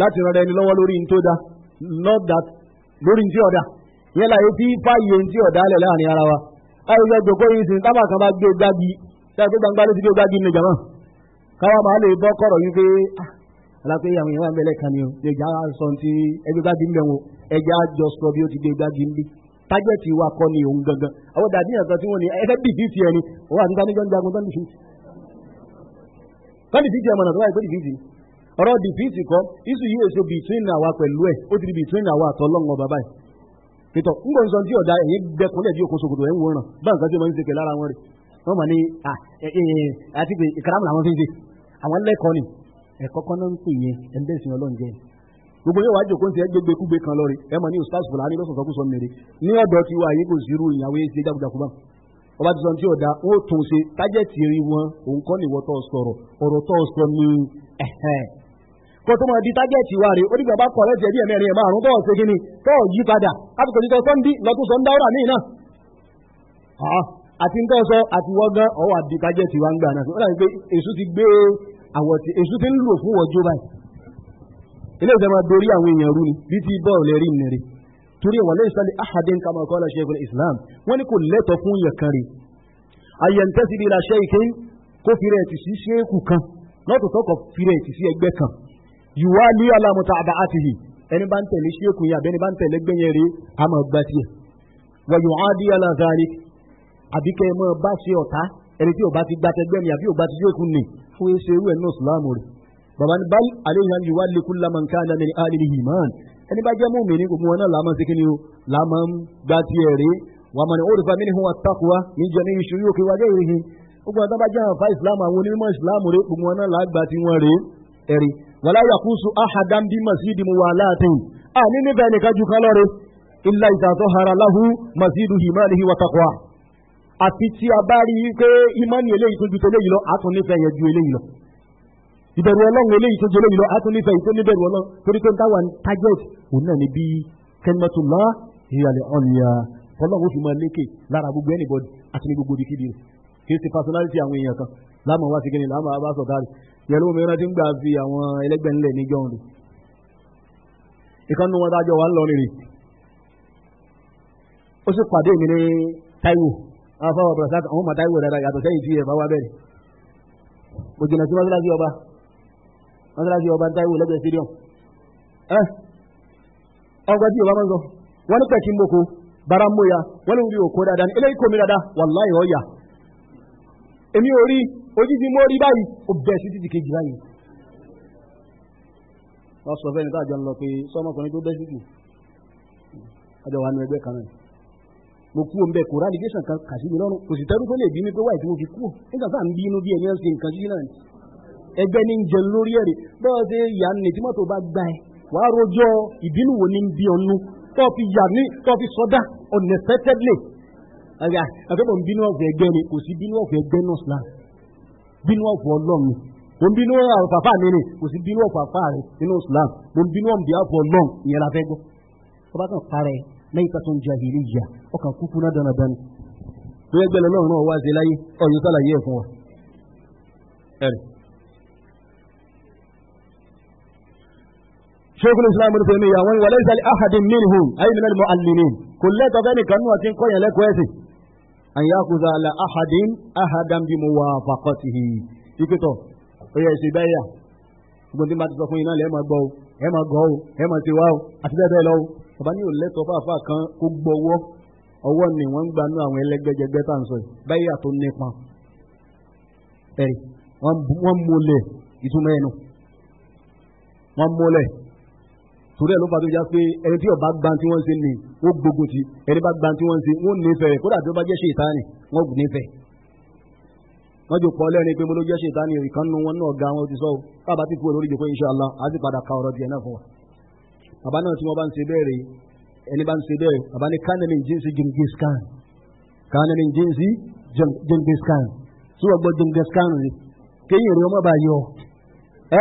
láti rọrẹ ẹni lọ́wọ́ lórí tó dá lórí tí ọ̀dá yẹn láyé tí fàyè tí ọ̀dá lẹ̀ láàrin ara wa ayẹyẹ jòkó yìí sin tábà kan bá gbé gbági táyà tó gbangba ló ti gbé gbági nìjàmá káwa máa lè bọ́ kọ̀rọ̀ yìí ah ala àwọn èèyàn wà mẹ́lẹ̀ kan ni o ẹja sọ ti ẹgbẹ́ gbági ń bẹ̀ wọn ẹja jọ sọ bí ó ti gbé gbági ń bí tájẹ́tì wa kọ ni òun gangan àwọn dàbí àtàn tí wọ́n ní ẹgbẹ́ bìbí ti ẹni wọ́n àti sanni jọ́njọ́ agun sanni fífi sanni fífi ẹ̀mọ̀nà tó wáyé pé ọ̀rọ̀ isu yìí èso bìtúnì àwa pẹ̀lú ẹ̀ ó ti di bìtúnì àwa àtọ́lọ́ngọ̀ bàbá yìí ń gbọ́n sọ ọ̀dà ẹ̀yìn bí sokoto wòran tí wọ́n ń lára wọn wọ́n ẹ̀kọ́ kan náà ń pè yẹn ẹ̀ ń bẹ́ẹ̀ sìn ọlọ́run jẹ́ gbogbo yóò wá jòkó ń tiẹ̀ gbégbé kúgbé kan lọ́ọ̀rì ẹ̀ mọ̀ ní ustaz fúlàní lọ́sọ̀tọ̀ kú sọ mèrè ní ọ̀dọ̀ tí wà yìí kò sí irú ìyàwó yìí ṣe jákujáku bá ọba ti sọ tí ọ̀dà ó tún ṣe tájẹ́tì rí wọn òun kọ́ nìwọ́ tó sọ̀rọ̀ ọ̀rọ̀ tó sọ ní ẹ̀hẹ́n kó tó máa di tájẹ́tì wa rè ó nígbà bá kọ̀ lẹ́sẹ̀ bí ẹ̀mẹ́rin ẹ̀má àrùn tọ́ọ̀ ṣe kí ni yí padà àti ń àti wọ́gán ọwọ́ àdìtájẹ́tì wa ń gbà náà ó dàbí pé èṣù ti gbé àwọ̀ tí èṣù ti ń lò fún ọjọ́ báyìí ilé ìfẹ́ máa dorí àwọn èèyàn rú ni bí ti bọ́ọ̀ lè rí nìrí torí wọn lẹ́yìn sálẹ̀ ahadin kama qala shaykhul islam wọ́n ní kò lẹ́tọ̀ fún yẹn kan rí ayẹntẹ́sí bí la ṣẹ́yìké kó fi rẹ̀ ti sí ṣéèkù kan lọ́tọ̀ tọkọ̀ fi rẹ̀ ti sí ẹgbẹ́ kan yùwá lé alámọ̀tà àbá àtìhì ẹni bá ń tẹ̀lé ṣéèkù yẹn àbẹ́ni bá ń tẹ̀lé gbẹ̀yẹn rí a máa gbá tiẹ̀ wọ́n yóò á dí alazari fún ṣe irú ẹ̀ náà sùlámù rẹ̀ bàbá ní báyìí àléhàn yìí wá lè kú lamanká lámẹ́ni àlèlè ìmán ẹni bá jẹ́ mọ́mí ní gbogbo wọn náà làmọ́ sí kíni o làmọ́ ń gba ti ẹ̀ rí wàmọ́ ni òrùka mi ní hun àtàkùwá ní jẹ́ ní iṣu yóò kí wá jẹ́ ìrìn gbogbo wọn tábà jẹ́ àǹfà ìsìlámù àwọn onímọ̀ ìsìlámù rẹ̀ gbogbo wọn náà làgbà ti wọn rè ẹ̀rí wàlá yàkúsù àhàdá bí màsídì mu wà láàtìn à ní níbẹ̀ nìkan ju kálọ́rẹ̀ ilà ìtàtọ̀ hara láhu màsídù hìmáàlì wàtàkùwá àti tí a bá rí i pé ìmọ̀ni eléyìí tó ju tó léyìí lọ àtún nífẹ̀ẹ́ yẹn ju eléyìí lọ ìbẹ̀rù ọlọ́run eléyìí tó ju eléyìí lọ àtún nífẹ̀ẹ́ tó níbẹ̀rù ọlọ́run torí tó ń dáwà ní target òun náà ni bí kẹ́mẹ́tùlá ìyàlẹ̀ ọ̀nìyà ọlọ́run ó fi máa lékè lára gbogbo anybody àti ní gbogbo ibikíbi kìí ṣe personality àwọn èèyàn kan láàmú wá sí kíni láàmú wá sọ̀tà rẹ̀ yẹn ló mìíràn ti ń gbà fi àwọn ẹlẹ́gbẹ́ ńlẹ̀ níjọ́ rẹ̀ ìkànnì wọn dájọ́ wa ń lọ rìn ó sì pàdé mi ní Táíwò afọwọ bọlọsá àwọn ọmọ táyé wò dáadáa yàtọ̀ sẹ́yìn tí yẹn bá wá bẹ̀rẹ̀ kò jìnnà sí mọ́sálásí ọba mọ́sálásí ọba táyé wò lẹ́gbẹ̀ẹ́ stadium ẹ ọgbà tí yorùbá máa ń sọ wọn ní pẹ̀kí mboko bara mboya wọn ní wúri òkú dáadáa ní eléyìí kò mí dáadáa wàláyé ọ̀yà èmi ò rí ojúti mo rí báyìí ó bẹ̀ sí títì kejì báyìí wọ́n sọ fẹ́ni tá àjọ ń lọ pé sọ́mọkùnrin tó bẹ́ sí tì àjọ wà nù ẹgbẹ́ kan náà mo kú òun bẹ́ẹ̀ kò rá allegation kan kà sí mi lọ́rùn kò sì tẹ́rú tó lè bi mi pé wáyé tí mo fi kú nígbà tá à ń bínú bí ẹni ẹ̀ nǹkan náà ni ẹgbẹ́ ní ń jẹ lórí ẹ̀rẹ̀ bẹ́ẹ̀ ṣe gba ẹ̀ rojọ́ ìbínú wo ni ń bí ọnu tó fi yà ní tó fi sọ́dá unexpectedly àgbẹ̀bọ̀ ń bínú ọ̀fẹ́ ẹgbẹ́ ni kò sí bínú ọ̀fẹ́ ẹgbẹ́ mo ń bínú mi ni kò sí bínú rẹ̀ laytatun jahiliyya ọkàn kúkú náà dandan tó yẹ gbẹlẹ lọ́rùn náà wá sí láyé ọ̀yọ́ sálàyé ẹ̀ fún wa. ẹ̀rì. شيخ الاسلام ابن تيميه وان وليس لاحد منهم اي من المعلمين كل تبني كانوا تين كو يله كويس ان ياخذ على احد احدا بموافقته يكتو oye ṣe bẹ́ẹ̀ yà gbogbo tí n bá ti sọ fún yín náà lẹ́ẹ̀ máa gbọ́ ẹ máa gbọ́ o ẹ máa ti wá o àti bẹ́ẹ̀ bẹ́ẹ̀ lọ bàbá ní òlẹ́tọ̀ fàáfà kan kó gbọ́wọ́ ọwọ́ ni wọ́n ń gbanú àwọn ẹlẹ́gbẹ́jẹgbẹ́ tá à ń sọ yìí báyà tó nípa ẹ̀rì wọ́n múlẹ̀ ìtumọ̀ ẹnu wọ́n múlẹ̀ torí ẹ̀ ló fà tó já pé ẹni tí ọba gban tí wọ́n ṣe ni ó gbógun ti ẹni bá gban tí wọ́n ṣe wọ́n nífẹ̀ẹ́ rẹ̀ kódà tí ó bá jẹ́ ṣètánì wọ́n gùn nífẹ̀ẹ́ wọ́n jò pọ̀ lẹ́ni pé mo ló jẹ́ ṣètánì ìkànnù wọn náà ga wọn ti sọ ọ́ bá ti kú olórí jòkó inṣàlá àti padà ka ọ̀rọ̀ tiẹ̀ náà fún wa. bàbá náà tí wọ́n bá ń ṣe bẹ́ẹ̀ ẹni bá ń ṣe bẹ́ẹ̀ bàbá ní kánẹ́mì jíǹsì Genghis Khan kánẹ́mì jíǹsì Genghis Khan tí wọ́n gbọ́ Genghis Khan rè kéyìn rè ọmọ bá yọ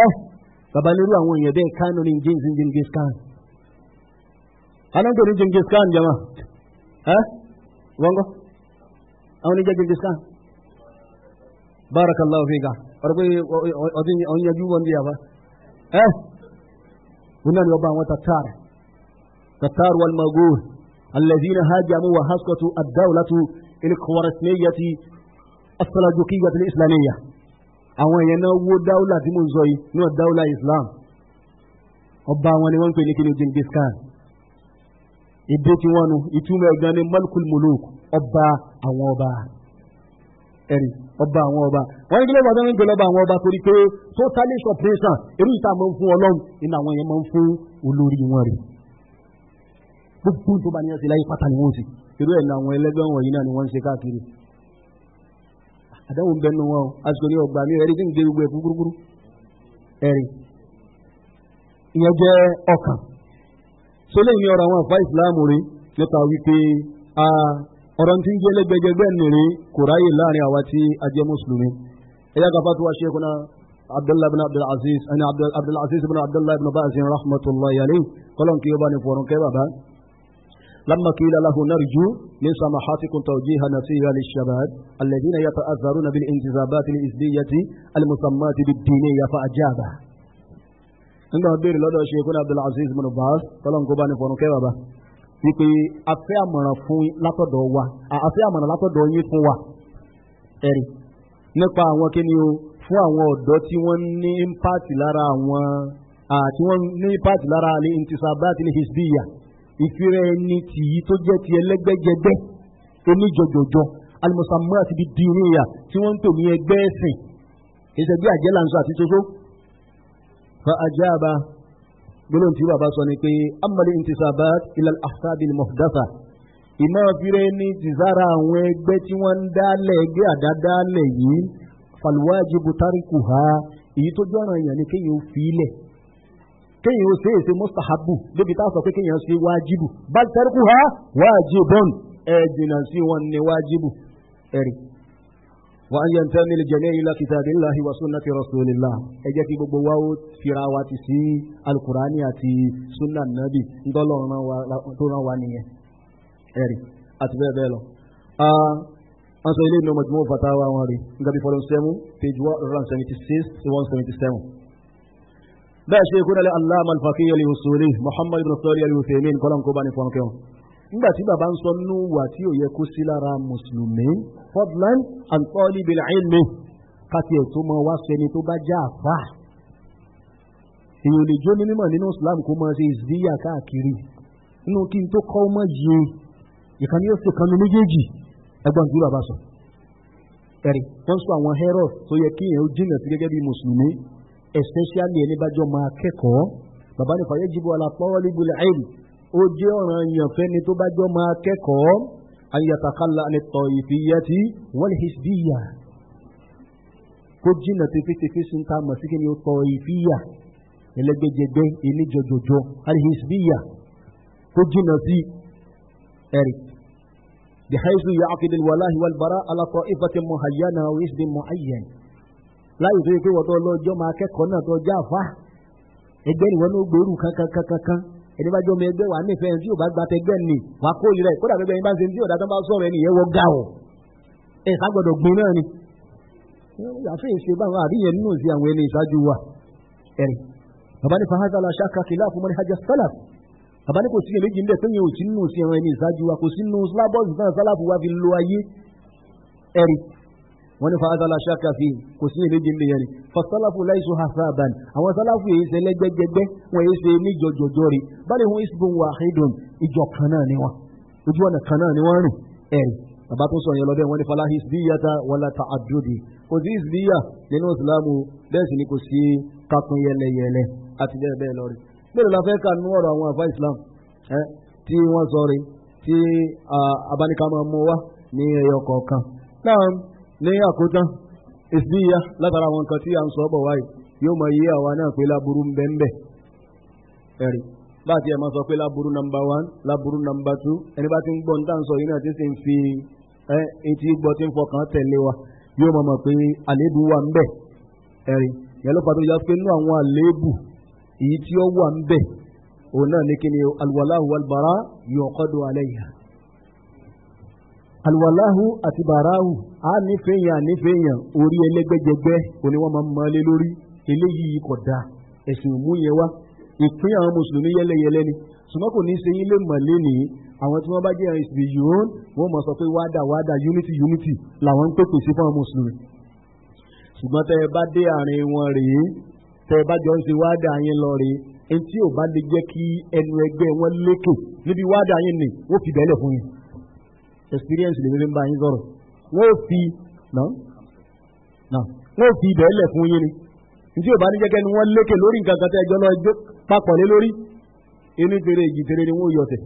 ẹ́ bàbá nírú àwọn èèyàn bẹ́ẹ̀ jíǹsì jama àwọn oníjẹ́ ọ̀rọ̀ pé ọdún wọn bí هنا يوبا وتتار تتار والمغول الذين هاجموا وهسكتوا الدولة الخوارزمية السلجوقية الإسلامية àwọn èèyàn náà wó dáúlà tí mo ń sọ yìí náà dáúlà islam ọba àwọn ni wọ́n ń pè ní kí ni genghis khan èdè tí wọ́n nu ìtumọ̀ ẹ̀gbọ́n ni malikul muluk ọba àwọn ọba ẹ̀rí ọba àwọn ọba wọ́n ní kí ló bá dánwó ń gbé lọ́ba àwọn ọba torí pé totally suppression irú ìta máa ń fún ọlọ́run iná àwọn yẹn máa ń fún olórí wọn rè gbogbo tó bá níyànjú láyé pátá ni wọ́n sì irú ẹ̀ làwọn ẹlẹ́gbẹ́ wọ̀nyí náà ni wọ́n ń ṣe káàkiri àdáhùn bẹnu wọn o àsìkò ní ọgbà mi ẹ̀rí tí ń gbé gbogbo ẹ̀kú kúrúkúrú ẹ̀rí ìyẹn jẹ́ ọkàn sólè ní ọ̀rọ̀ àwọn àfáà ìsìláàmù rí nípa wípé ọ̀rọ̀ tí ń jẹ́ lẹ́gbẹ̀jẹ̀gbẹ́ nìrí kò ráyè láàrin àwa tí a jẹ́ mùsùlùmí ẹ̀yà kan fatuwa sheikhuna abdullahi bin abdulaziz ani abdulaziz bin abdullahi bin baazin rahmatulahi alayhi kọ́lọ́n kí o bá ní fọ̀rùn kẹ́ bàbá لما قيل له نرجو من سماحاتكم توجيه نصيحة للشباب الذين يتأثرون بالانتخابات الحزبية المسماة بالدينية فأجابه عندما بير لدى شيخنا عبد العزيز بن باز قال انكم بني فونو كيف wípé afẹ́ àmọ̀ràn fún látọ̀dọ̀ wa afẹ́ àmọ̀ràn látọ̀dọ̀ yín fún wa ẹ̀rí nípa àwọn kíni o fún àwọn ọ̀dọ́ tí wọ́n ní impact lára àwọn àti wọ́n ní impact lára àlè intisabat ní hisbiya ìfira ẹni tìyí tó jẹ́ ti ẹlẹ́gbẹ́jẹgbẹ́ oníjọjọjọ alimusamman àti bíi dìrín ya tí wọ́n ń tò ní ẹgbẹ́ ẹ̀sìn ìṣẹ́gbẹ́ àjẹ́lànsọ àti ṣoṣo fa ajáàbá gbọ́dọ̀ tí bàbá sọ ni pé amali intisabat ilal ahsabil muhdasa ìmọ̀ fìrẹ́ ní tìzára àwọn ẹgbẹ́ tí wọ́n ń dálẹ̀ ẹgbẹ́ àdádálẹ̀ yìí falwajibu tariku ha èyí tó jọ́ ọ̀ràn èèyàn ni kéèyàn ó fi ilẹ̀ kéèyàn ó ṣe é ṣe mustahabu débi tá a sọ pé kéèyàn ṣe wájibu bal ha wájibun ẹ̀ jìnnà sí wọn ni wájibu ẹ̀rí wọ́n yẹn tẹ́ mi lè jẹ́ ní ilá kìtàbí ńlá ìwà súnà ti rasulillah ẹ jẹ́ kí gbogbo wa ó fira wa ti sí alukurani àti súnà nàbì ńdọ́lọ́ tó ràn wá nìyẹn ẹ̀rí àti bẹ́ẹ̀ bẹ́ẹ̀ lọ. wọ́n sọ ilé ìnáwó mọ̀júmọ́ fata wa wọn rí nga bí fọlọ́n sẹ́mu page one hundred seventy six to one seventy seven. bẹ́ẹ̀ ṣe ìkúnlẹ̀ aláàmà alfàkì yẹlẹ òṣèré muhammad ibn sọ́ọ́lì yẹlẹ òṣèré kọ́lá kó bá ní fọ́nkẹ́ nígbà tí bàbá ń sọ nínú wà tí ò yẹ kó sí lára mùsùlùmí fọ́dùlán àǹtọ́ọ́lì bìlà ìlmi káti ẹ̀tọ́ mọ wá sẹni tó bá já àfà èèyàn lè jó ní mímọ̀ nínú islam kó máa ṣe ìzíyà káàkiri nínú kí n tó kọ́ ọmọ yìí ìkan ni ó ṣe kan ní méjèèjì ẹgbọ́n tí ó bá sọ ẹ̀rí wọ́n sọ àwọn herod tó yẹ kí èèyàn jìnà sí gẹ́gẹ́ bí mùsùlùmí especially ẹni bá jọ máa kẹ́kọ̀ọ́ bàbá ní fàyẹ́ jìbọ̀ àlàpọ̀ wọlé gbọ́lẹ̀ ó jẹ́ ọ̀ràn èèyàn fẹ́ni tó bá jọ máa kẹ́kọ̀ọ́ an yatakalla an tọ̀yìfìyàtì wal hizbiyya kó jìnnà tẹfẹtẹfẹ sun ta mọ̀ sí kí ni tọ̀yìfìyà ẹlẹ́gbẹ́jẹgbẹ́ ìníjọjọjọ al hizbiyya kó jìnnà sí ẹ̀rì bihaisu yaakidin walahi walbara ala ta'ifatin muhayyana wa hizbin muayyan láyé tó yẹ pé wọ́n tó lọ́jọ́ máa kẹ́kọ̀ọ́ náà tó jáfa ẹgbẹ́ ìwọ́n ló gbèrú kankan kankan ẹni bá jọ ọmọ ẹgbẹ́ wa nífẹ̀ẹ́ ẹni tí yóò bá gba tẹgbẹ́ ni wà á kó yìí rẹ̀ kódà bẹ́ẹ̀ bá ń ṣe tí yóò dá tó bá sọ̀rọ̀ ẹni yẹn wọ ga ọ̀ ẹ̀ ká gbọ́dọ̀ gbin náà ni. àfi ìṣe báwọn àríyẹn nínú sí àwọn ẹni ìṣáájú wa ẹ̀rì bàbá ní fahadà la ṣáka kìlá fún mọ́ni hajj salaf bàbá ní kò sí èméjì ń tó yẹn ò sí nínú sí àwọn ẹni ìṣáájú wọ́n ní fàáza la ṣáka fi kò sí èméjì ń bèyàn ni fasalafu láìsù hasaban àwọn salafu yìí ṣe lẹ́gbẹ́gbẹ́gbẹ́ wọ́n yìí ṣe ní jọjọjọ rí báyìí wọ́n isbun wahidun ìjọ kan náà ni wọ́n ojú ọ̀nà kan náà ni wọ́n rìn ẹ̀rì bàbá tó sọ yẹn lọ́dẹ̀ wọ́n ní fala hisbiyata wala ta'addudi kò sí hisbiya nínú ìsìlámù bẹ́ẹ̀ sì ni kò sí kakun yẹlẹyẹlẹ àti bẹ́ẹ̀ bẹ́ẹ̀ lọ bẹ́ẹ̀ la fẹ́ ka nú ọ̀rọ̀ àwọn àfa ìsìlámù tí wọ́n sọ rí tí abánikámọ́ mú wa ní ẹyọ kọ̀ọ̀kan náà ní àkótán èsì yá látara àwọn nǹkan tí à ń sọ bọ̀ wáyé yóò máa yé àwa náà pé láburú ń bẹ́ ń bẹ̀ ẹ̀rí láti ẹ̀ máa sọ pé láburú nọmba one láburú nọmba two ẹni bá ti ń gbọ́ ní tàǹsọ yìí náà ti sì ń fi ẹ etí gbọ́ tí ń fọkàn tẹ̀lé wa yóò máa mọ̀ pé àléébù wà ń bẹ̀ ẹ̀rí ìyẹn pàtó yá pé nínú àwọn àléébù èyí tí ó wà ń bẹ̀ òun náà ní kíni alwàláhùn albará yóò kọ́ alwalahu àti barahu a nífẹ̀ẹ́yàn nífẹ̀ẹ́yàn orí ẹlẹ́gbẹ́jẹgbẹ́ òní wọ́n máa ń malé lórí eléyìí kò dáa ẹ̀sìn òmú yẹn wá ìpín àwọn mùsùlùmí yẹlẹyẹlẹ ni ṣùgbọ́n kò ní í ṣe yín lè mọ̀ lé nìyí àwọn tí wọ́n bá jẹ́ ìsìnkú yòón wọ́n mọ̀ sọ pé wáda wáda unity unity làwọn ń pèpè sí fáwọn mùsùlùmí ṣùgbọ́n tẹ́ ẹ bá dé àárín wọn rèé tẹ́ ẹ bá jọ ń ṣe wáda yẹn lọ rèé ẹni tí ò bá lè jẹ́ kí ẹnu ẹgbẹ́ wọn lékè níbi wáda yẹn nì ó fi bẹ́ẹ̀ lẹ̀ fún yín experience lè fi ń bá yín sọ̀rọ̀ wọ́n ò fi wọ́n ò fi ibẹ̀ lẹ̀ fún yín ni ntí ò bá ní jẹ́kẹ́ ni wọ́n lékè lórí nǹkan kan tẹ́ ẹjọ́ náà jó papọ̀ lé lórí inú fèrè èjì fèrè ni wọ́n yọ̀tẹ̀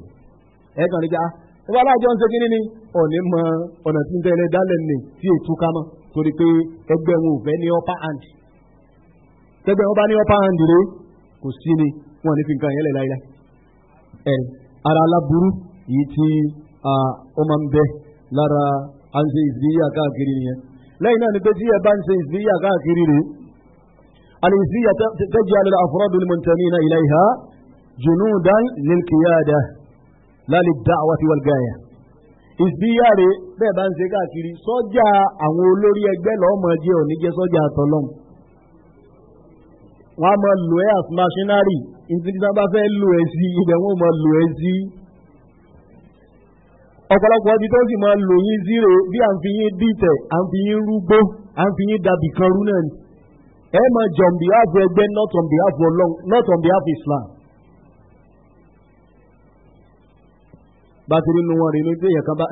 ẹ̀ kàn níjà ó bá láàjọ ń ṣe kíní ni ọ̀nì mọ ọ̀nà tí ń tẹ́lẹ̀ dálẹ̀ nì tí ètú ká mọ́ torí pé ẹgbẹ́ wọn ò fẹ́ ní upper hand tẹ́gbẹ́ wọn bá ní upper hand rèé kò sí ni wọn ní fi nǹkan yẹn lẹ̀ láyé ẹ̀ ara aláburú yìí ti ó máa ń bẹ lára à ń ṣe ìsìlíyà káàkiri nìyẹn lẹ́yìn náà ni pé tí ẹ bá ń ṣe ìsìlíyà káàkiri rè àlìsíyà tẹ́jú alẹ́ àfọ́rọ́dún mọ̀tẹ́mí náà ilẹ̀ ìhá junudan lilkiyada lálẹ́ dáwà tí wọ́n gáyà ìsìlíyà rè bẹ́ẹ̀ bá ń ṣe káàkiri sọ́jà àwọn olórí ẹgbẹ́ lọ́mọ jẹ́ òní jẹ́ sọ́jà àtọ́lọ́mù wọ́n á máa lò ẹ́ as machinery ìtìlísà bá fẹ́ lò ẹ́ sí ibẹ̀ wọ́n máa lò ẹ́ sí ọ̀pọ̀lọpọ̀ ibi tó sì máa lò yín zero bí à ń fi yín dìtẹ̀ à rúgbó à dàbí kan rú náà ni ẹ máa jọ on behalf ẹgbẹ́ not on behalf ọlọ́run not on behalf islam. bá a ti rí inú wọn rí inú tí èèyàn kan bá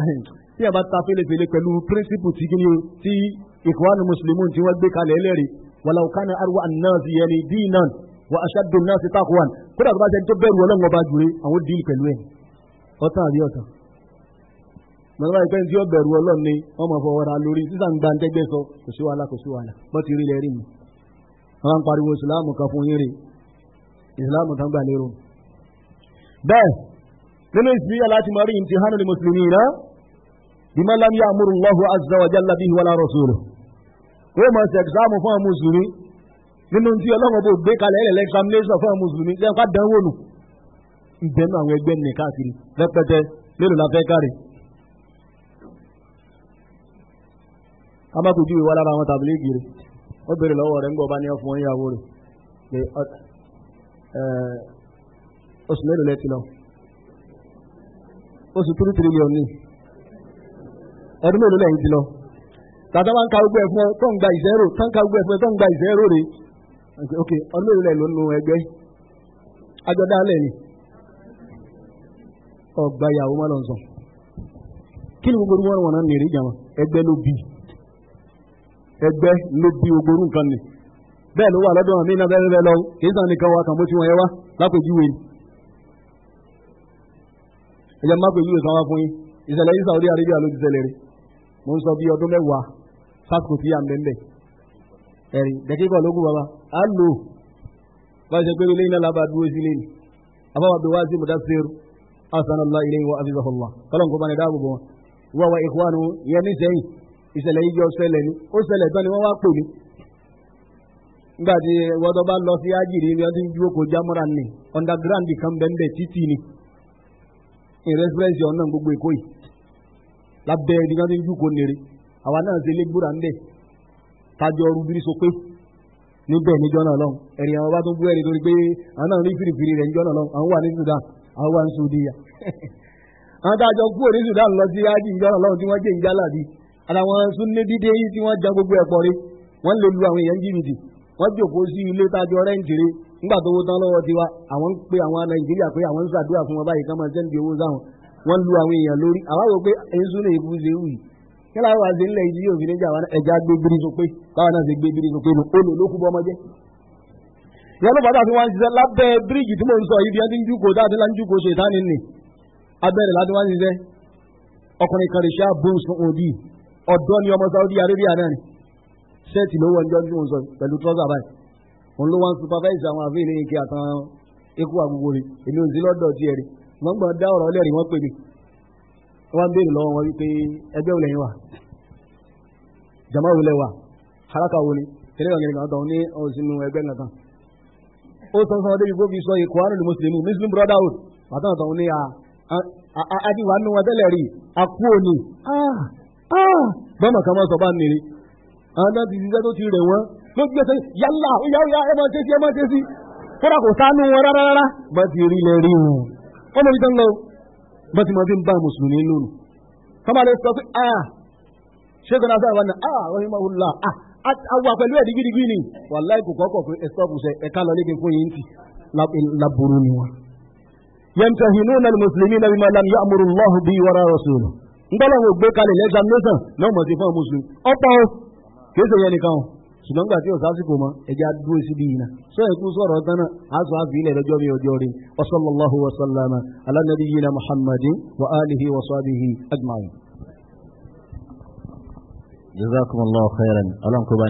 tí a bá ta fèlèfèlè pẹ̀lú píríncípù tí kí ni o tí ìkọ́wánu mùsùlùmí tí wọ́n gbé kalẹ̀ ẹlẹ́rìí wàlá òkànnà arúgbó ànáàzì yẹn ni díì náà wà aṣáájú náà ti tákùwàn kódà tó bá ṣe tó bẹ̀rù ọlọ́run ọba jùlọ àwọn díì pẹ̀lú ẹ̀ ọ̀tàn àbí ọ̀tàn mọ̀lẹ́wà ìpẹ́ tí ó bẹ̀rù ọlọ́run ni wọ́n mọ̀ fọwọ́ra lórí sísà ń gba ntẹ́gbẹ́ sọ kò sí wàhálà kò sí wàhálà wọ́n ti rí ilẹ̀ rí mi. wọ́n á ń pariwo ìsìláàmù kan fún yín rè ìsìláàmù kan gbà lérò. bẹ́ẹ̀ nínú ìsìlíyà láti mọ̀ rí ìntìhánu ni mùsùlùmí rẹ̀ bímọ lámì àmúrù lọ́hu azawajá labi wàlá rọ̀sùlù. ó mọ̀ sí ẹ̀gzámù fún àwọn nínú tí ọlọ́run bò gbé kalẹ̀ ẹ̀rẹ̀ examination fún àwọn lẹ́yìn ká dánwò nù. ìbẹ́nu àwọn ẹgbẹ́ nìkan kiri lẹ́pẹtẹ lérò la fẹ́ kárí. a má wala ìwà lára àwọn tàbílì gírí ó bèrè lọ́wọ́ rẹ̀ ń gbọ́ bá ní ọ̀fun ìyàwó rẹ̀ pé oṣù mélòó lẹ́tì lọ oṣù tírí tírílíọ̀n ní ọdún mélòó lẹ́yìn ti lọ tàtà máa ń ka gbogbo fún ọ tó gba ìṣẹ́rò tó ka gbogbo fún ọ tó gba ìṣẹ́rò rè ok ọdún mélòó lẹ́yìn ló ń nu ẹgbẹ́ ajọ́dá lẹ́yìn ọgbà ìyàwó má lọ sọ kí ni gbogbo wọn wọn náà nìrí jàmọ ẹgbẹ́ ló bíi ẹgbẹ́ ló bí gbogbo orú nǹkan ni bẹ́ẹ̀ ló wà lọ́dọ̀ àmì iná bẹ́ẹ̀ bẹ́ẹ̀ lọ kì í sàn nìkan wa kàn bó ti wọ̀nyẹ wá lápèjúwe ni. ẹ jẹ́ má pèjúwe sanwó fún yín ìṣẹ̀lẹ̀ yìí Saudi Arabia ló ti ṣẹlẹ̀ rí mo ń sọ bí ọdún mẹ́wàá sásìkò tí à ń bẹ́ẹ̀ ẹ̀rí dẹ́kíkọ̀ lógún bàbá á lò bá ṣe pé ilé iná làbá dúró sí ilé ni àbáwá bí wá sí mudasiru asanallah ilé wa abizahullah kọ́lọ́n kó bá wa ìkwánu yẹn ìṣẹ̀lẹ̀ yíyọ ṣẹlẹ̀ ni ó ṣẹlẹ̀ tán ni wọ́n wá pè mí. nígbà tí wọ́dọ̀ bá lọ sí ájìrì ni wọ́n ti ń dúró kó jámọ́ra ni underground kan bẹ́ẹ̀ títì ni in reference ọ̀nà gbogbo èkó yìí lábẹ́ ẹni wọ́n ti ń dúró kó nèrè àwa náà ṣe ń so pé níbẹ̀ níjọ́ náà àwọn bá tún bú torí pé àwọn náà fìrìfìrì rẹ̀ níjọ́ náà àwọn wà (laughs) ala súnlé dídé yìí tí wọ́n jan gbogbo ẹ̀ pọ̀ rí wọ́n lè lu àwọn èèyàn jìbìtì wọ́n jòkó sí ilé tájọ ọrịa rí nígbà tó wó tán lọ́wọ́ tiwa àwọn ń pe àwọn nàìjíríà pé àwọn ń ṣàdúrà fún wọn báyìí kán máa sẹ́ńdì owó sáwọn lu àwọn èèyàn lórí àwáwo pé èésú lè fún ṣe wù yìí kí láwọn wá ilẹ̀ yìí yóò fi níjà ẹja gbé bírí so pé náà ṣe gbé bírí ló ṣètánì abẹ́rẹ́ láti ṣiṣẹ́ ọkùnrin ọ̀dọ́ ni ọmọ Saudi Arabia náà ni ṣẹ́ẹ̀tì ló wọ ọjọ́ tí mo sọ pẹ̀lú trọ́sà báyìí òun ló wá ń supervise àwọn àfihàn ní ike àtàwọn ikú àgùgbò rẹ̀ èmi ò sí lọ́dọ̀ tiẹ̀ rẹ̀ wọ́n gbọ́n dá ọ̀rọ̀ ọlẹ́rìí wọ́n pè mí wọ́n béèrè lọ́wọ́ wọn wípé ẹgbẹ́ wo lẹ́yìn wa jama wo lẹ wa haraka wo ni kẹlẹ́ kan kẹlẹ́ kan tọ̀ ní ọ̀sìnú ẹgbẹ́ kankan ó sọ sọ débi gbóbi sọ ikọ̀ àrùn mùsùlùmí muslim brotherhood bàtà tọ̀ ní a adiwa nínú wọn tẹ́lẹ̀ rí akú òní ah bọ́mọ̀ ah! kan máa sọ bá nìrí àwọn ti tó ti rẹ̀ wọ́n ló gbé sẹ́yìn yálà ẹ máa ṣe sí ẹ máa ṣe sí kò sánú wọn rárá rárá bá ti rí lẹ rí wọn lọ bá ti máa fi ń bá mùsùlùmí lónìí lè a ah, ṣé kọ́nà ah, a a àwa pẹ̀lú ẹ̀dí ni wàláì kọ́kọ́ ẹ̀ sọ́ọ̀bù sẹ ẹ̀ka lọ fún yìí ń ni ńgbọ́lọ́wọ́ gbé kalẹ̀ lẹ́gbàmínẹ́sàn lọ́mọ̀ sí fún mùsùlùm ọ̀pọ̀ o kéèsè yẹn nìkan o ṣùgbọ́n gbà tí òsà síkò mọ́ ẹja dúró síbi yìí náà sọ ẹ̀kú sọ̀rọ̀ tán náà aṣọ àfi ilẹ̀ lọ́jọ́ bí ọjọ́ rí wasallallahu wasallama ala nabiyyina muhammadin wa alihi wa sahbihi ajma'in.